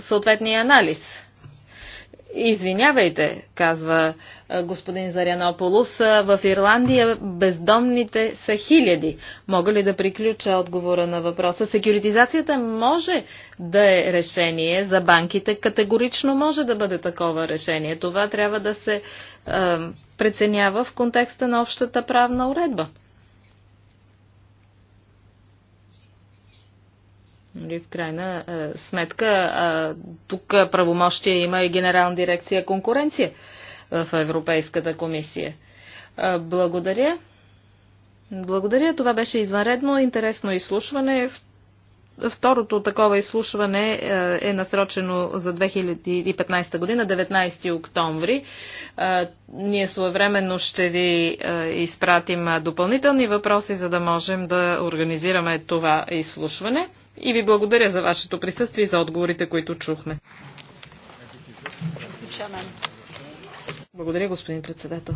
съответния анализ Извинявайте, казва господин Зарянополус, в Ирландия бездомните са хиляди. Мога ли да приключа отговора на въпроса? Секюритизацията може да е решение за банките, категорично може да бъде такова решение. Това трябва да се е, преценява в контекста на общата правна уредба. Нали, в крайна сметка, тук правомощия има и Генерална дирекция конкуренция в Европейската комисия. благодаря. Благодаря. Това беше извънредно интересно изслушване. Второто такова изслушване е насрочено за 2015 година, 19 октомври. Ние своевременно ще ви изпратим допълнителни въпроси, за да можем да организираме това изслушване и ви благодаря за вашето присъствие и за отговорите, които чухме. Благодаря, господин председател.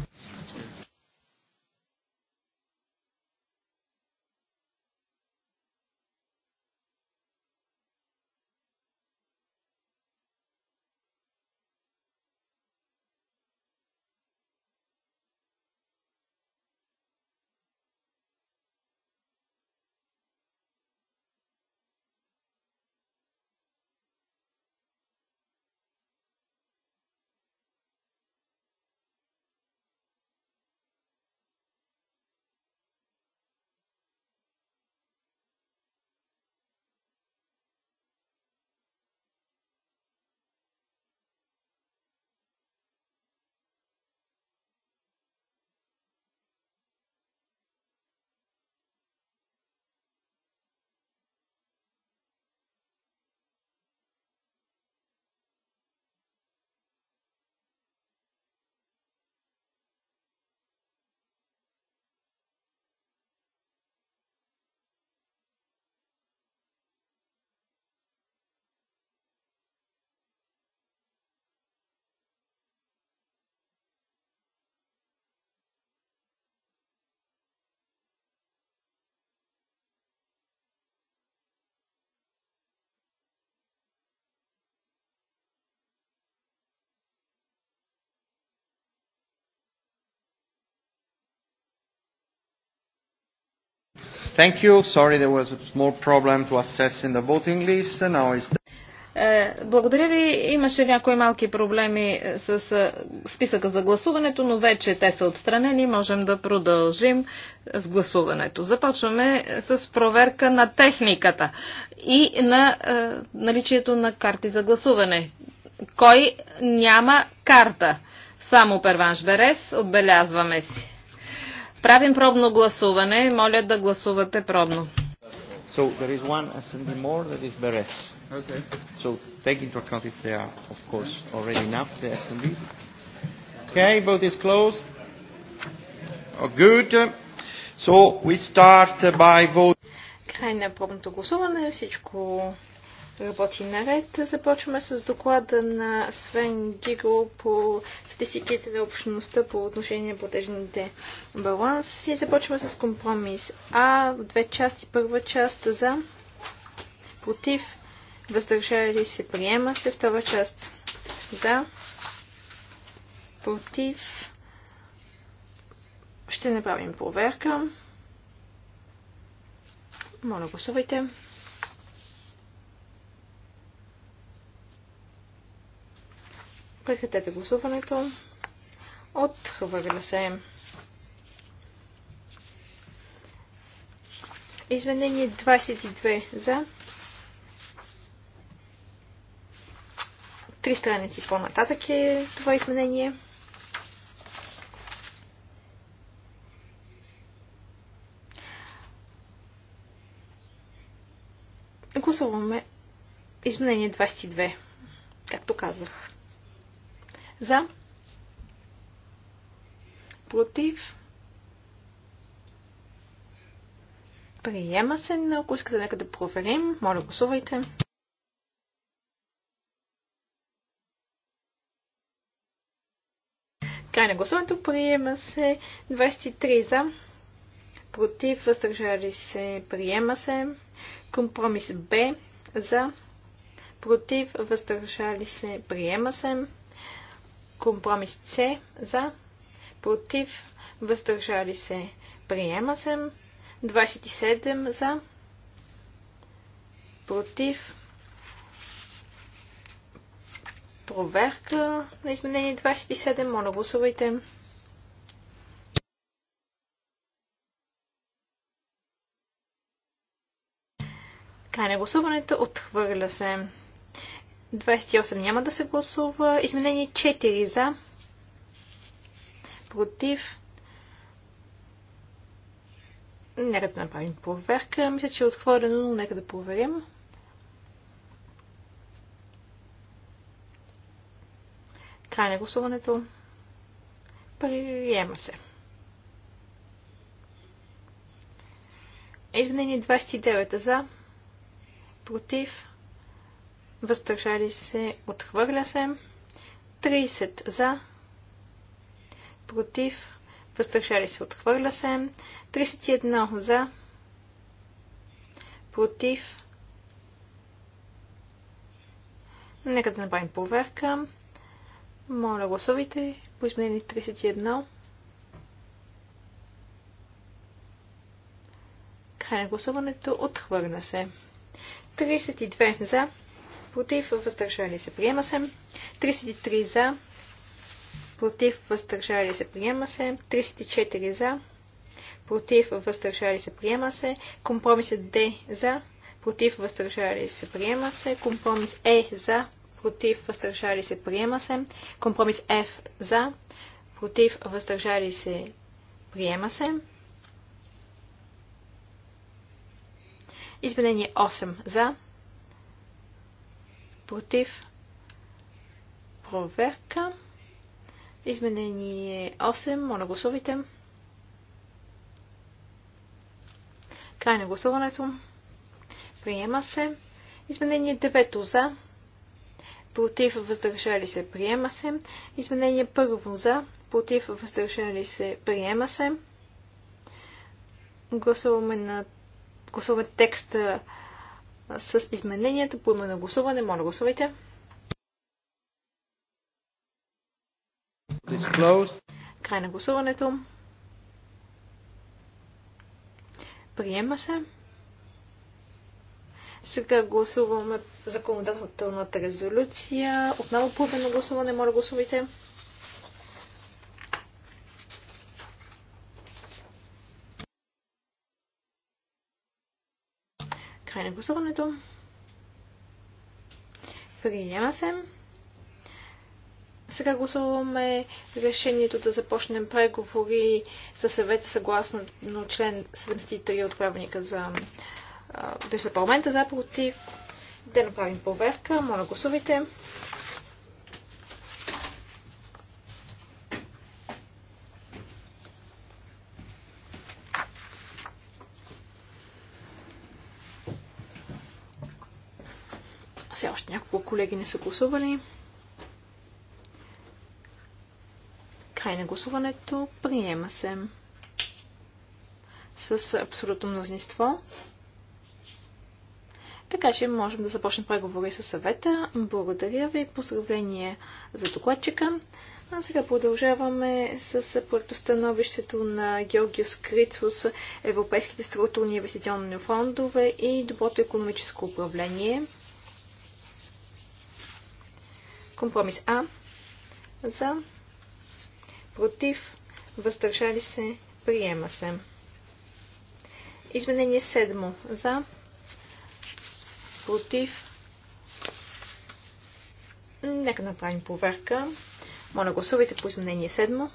Thank you. Sorry, there was a small problem to assess in the voting list. Now е, Благодаря ви. Имаше някои малки проблеми е, с е, списъка за гласуването, но вече те са отстранени. Можем да продължим с гласуването. Започваме с проверка на техниката и на наличието на карти за гласуване. Кой няма карта? Само Перванш Берес. Отбелязваме си. Правим пробно гласуване. Моля да гласувате пробно. So there is one SND more that is Beres. Okay. So take into account if they are, of course, already enough, the SND. Okay, vote is closed. Oh, good. So we start by vote. Край на пробното гласуване. Всичко работи наред. Започваме с доклада на Свен Гиго по статистиките на общността по отношение на платежните баланси. Започваме с компромис А, две части, първа част за, против, въздържали се, приема се, втора част за, против, ще направим проверка. Моля, гласувайте. Прекратете гласуването. Отхвърля се. Изменение 22 за. Три страници по-нататък е това изменение. Гласуваме изменение 22, както казах. За. Против. Приема се, но ако искате нека да проверим, моля гласувайте. Край на гласуването приема се 23 за, против, въздържали се, приема се. Компромис Б за, против, въздържали се, приема се. Компромис С за, против, въздържали се, приема се. 27 за, против, проверка на изменение 27. Моля, гласувайте. Край на гласуването отхвърля се. 28 няма да се гласува. Изменение 4 за. Против. Нека да направим проверка. Мисля, че е отхвърлено, но нека да проверим. Край на гласуването. Приема се. Изменение 29 за. Против въздържали се, отхвърля се. 30 за, против, въздържали се, отхвърля се. 31 за, против. Нека да направим проверка. Моля, гласовите по изменени 31. Край на гласуването отхвърля се. 32 за, против, въздържали се, приема се. 33 за, против, въздържали се, приема се. 34 за, против, въздържали се, приема се. Компромисът Д за, против, въздържали се, приема се. Компромис Е за, против, въздържали се, приема се. Компромис Ф за, против, въздържали се, приема се. Изменение 8 за, против. Проверка. Изменение 8. Моля гласувайте. Край на гласуването. Приема се. Изменение 9 за. Против въздържали се. Приема се. Изменение 1 за. Против въздържали се. Приема се. Гласуваме на гласуваме текста с измененията по име гласуване. Моля, гласувайте. Край на гласуването. Приема се. Сега гласуваме законодателната резолюция. Отново по на гласуване. Моля, гласувайте. гласуването. Приема се. Сега гласуваме решението да започнем преговори със съвета съгласно член 73 от правилника за за парламента за против. Да направим проверка. Моля гласувайте. колеги не са гласували. Край на гласуването. Приема се. С абсолютно мнозинство. Така че можем да започнем преговори с съвета. Благодаря ви. Поздравление за докладчика. А сега продължаваме с проектостановището на Георгиос Крицус, Европейските структурни инвестиционни фондове и доброто економическо управление. Компромис А. За. Против. Въздържали се. Приема се. Изменение 7. За. Против. Нека направим проверка. Моля, гласувайте по изменение 7.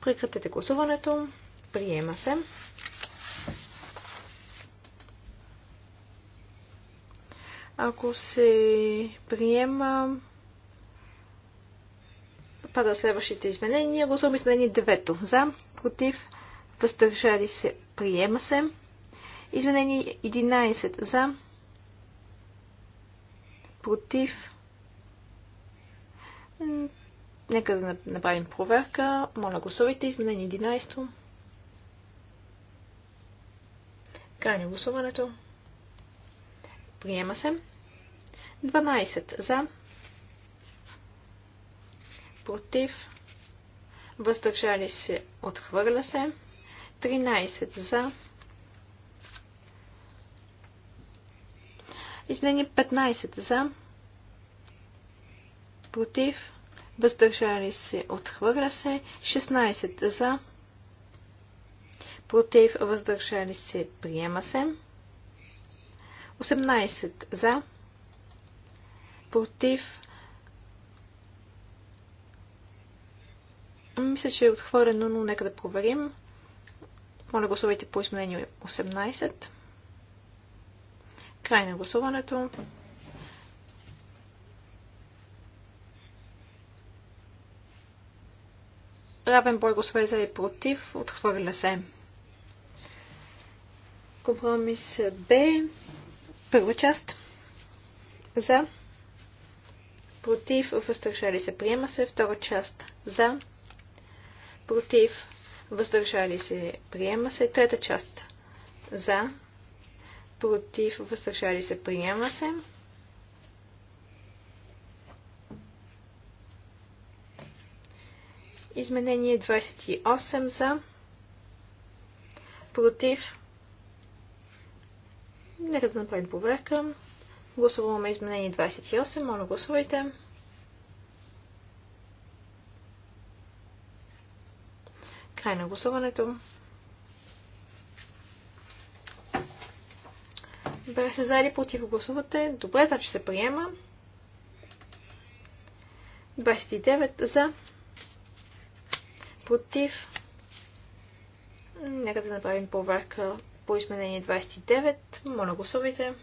Прекратете гласуването. Приема се. Ако се приема пада следващите изменения. Гласуваме изменение 9. За, против, въздържали се, приема се. Изменение 11. За, против. Нека да направим проверка. Моля, гласувайте. Изменение 11. Край на гласуването. Приема се. 12 за, против, въздържали се, отхвърля се. 13 за, изменение 15 за, против, въздържали се, отхвърля се. 16 за, против, въздържали се, приема се. 18 за, против. Мисля, че е отхвърлено, но нека да проверим. Моля гласувайте по изменение 18. Край на гласуването. Равен бой, гласове за и против. Отхвърля се. Компромис Б. Първа част. За против, въздържали се, приема се. Втора част за, против, въздържали се, приема се. Трета част за, против, въздържали се, приема се. Изменение 28 за, против, нека да направим проверка. Гласуваме изменение 28. Моля, гласувайте. Край на гласуването. Добре, се за или против гласувате. Добре, значи се приема. 29 за. Против. Нека да направим проверка по изменение 29. Моля, гласувайте.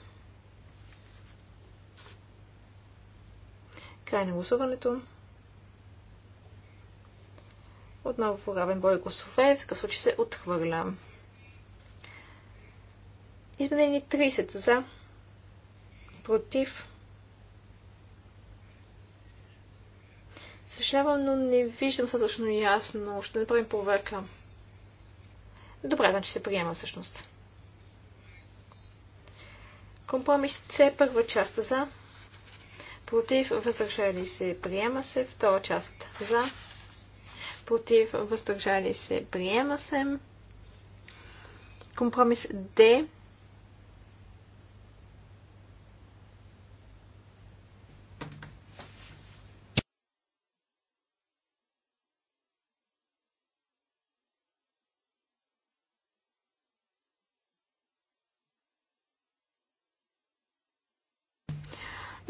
Край на гласуването. Отново равен брой гласове, в случай се отхвърля. Изменени 30 за, против. Съжалявам, но не виждам достатъчно ясно. Ще направим проверка. Добре, значи се приема всъщност. Компромис С, първа част за, против, въздържали се, приема се. Втора част за, против, въздържали се, приема се. Компромис Д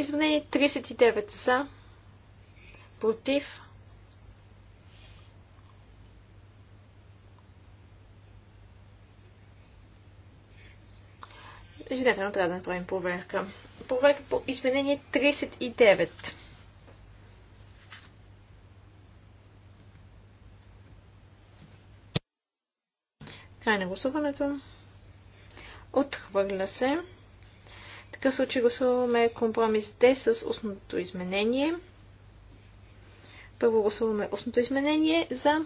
Извинени 39 за, против, Извинете, но трябва да направим проверка. Проверка по изменение 39. Край на гласуването. Отхвърля се такъв случай гласуваме компромис с устното изменение. Първо гласуваме устното изменение за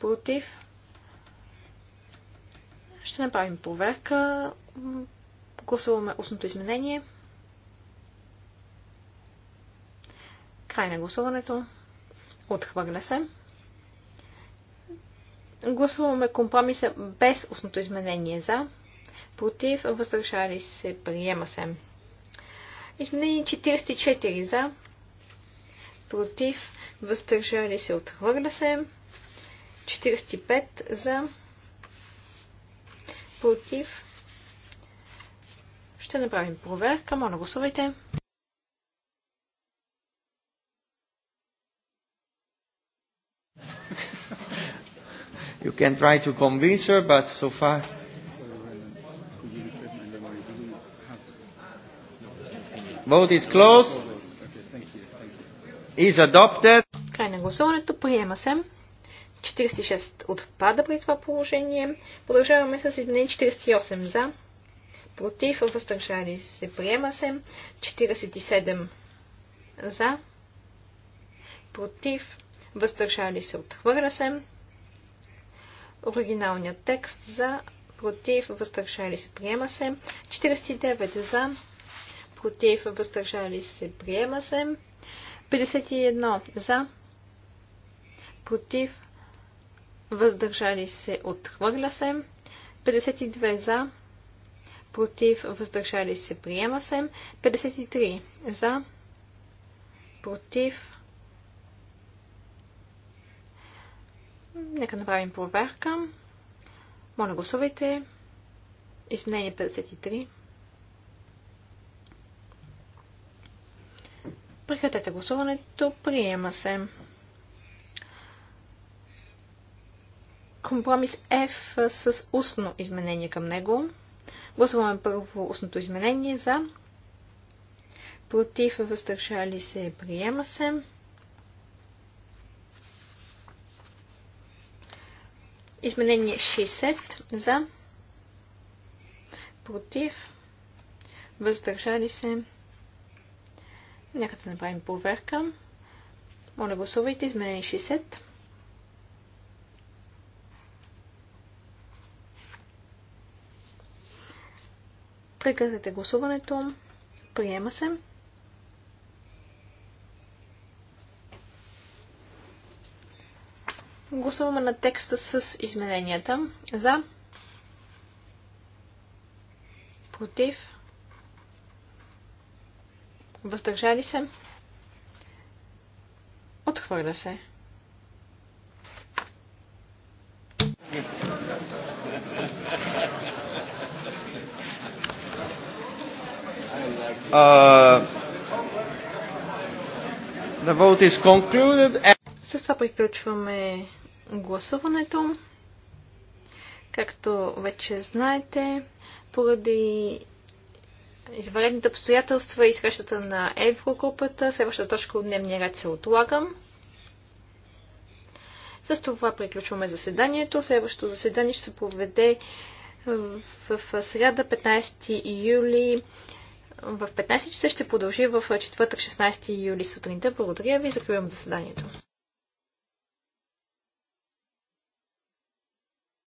против. Ще направим проверка. Гласуваме устното изменение. Край на гласуването. Отхвърля се. Гласуваме компромиса без устното изменение за против, въздържали се, приема се. Изменение 44 за, против, въздържали се, отхвърля се. 45 за, против. Ще направим проверка. Моля, гласувайте. You can try to convince her, but so far Vote is closed. Is adopted. Край на гласуването. Приема се. 46 отпада при това положение. Продължаваме с изменение 48 за. Против, въздържали се, приема се. 47 за. Против, въздържали се, отхвърля се. Оригиналният текст за. Против, въздържали се, приема се. 49 за против, въздържали се, приема се. 51 за, против, въздържали се, отхвърля се. 52 за, против, въздържали се, приема се. 53 за, против. Нека направим проверка. Моля, гласувайте. Изменение 53. Прекратете гласуването. Приема се. Компромис F с устно изменение към него. Гласуваме първо устното изменение за. Против, въздържали се, приема се. Изменение 60 за. Против, въздържали се, се Нека да направим проверка. Моля гласувайте измерени 60. Прекратете гласуването. Приема се. Гласуваме на текста с измененията. За. Против. Въздържали се? Отхвърля се. Uh, the vote is concluded. С това приключваме гласуването. Както вече знаете, поради извънредните обстоятелства и срещата на Еврогрупата. Следващата точка от дневния ред се отлагам. С това приключваме заседанието. Следващото заседание ще се проведе в среда 15 юли в 15 часа ще продължи в четвъртък 16 юли сутринта. Благодаря ви. Закривам заседанието.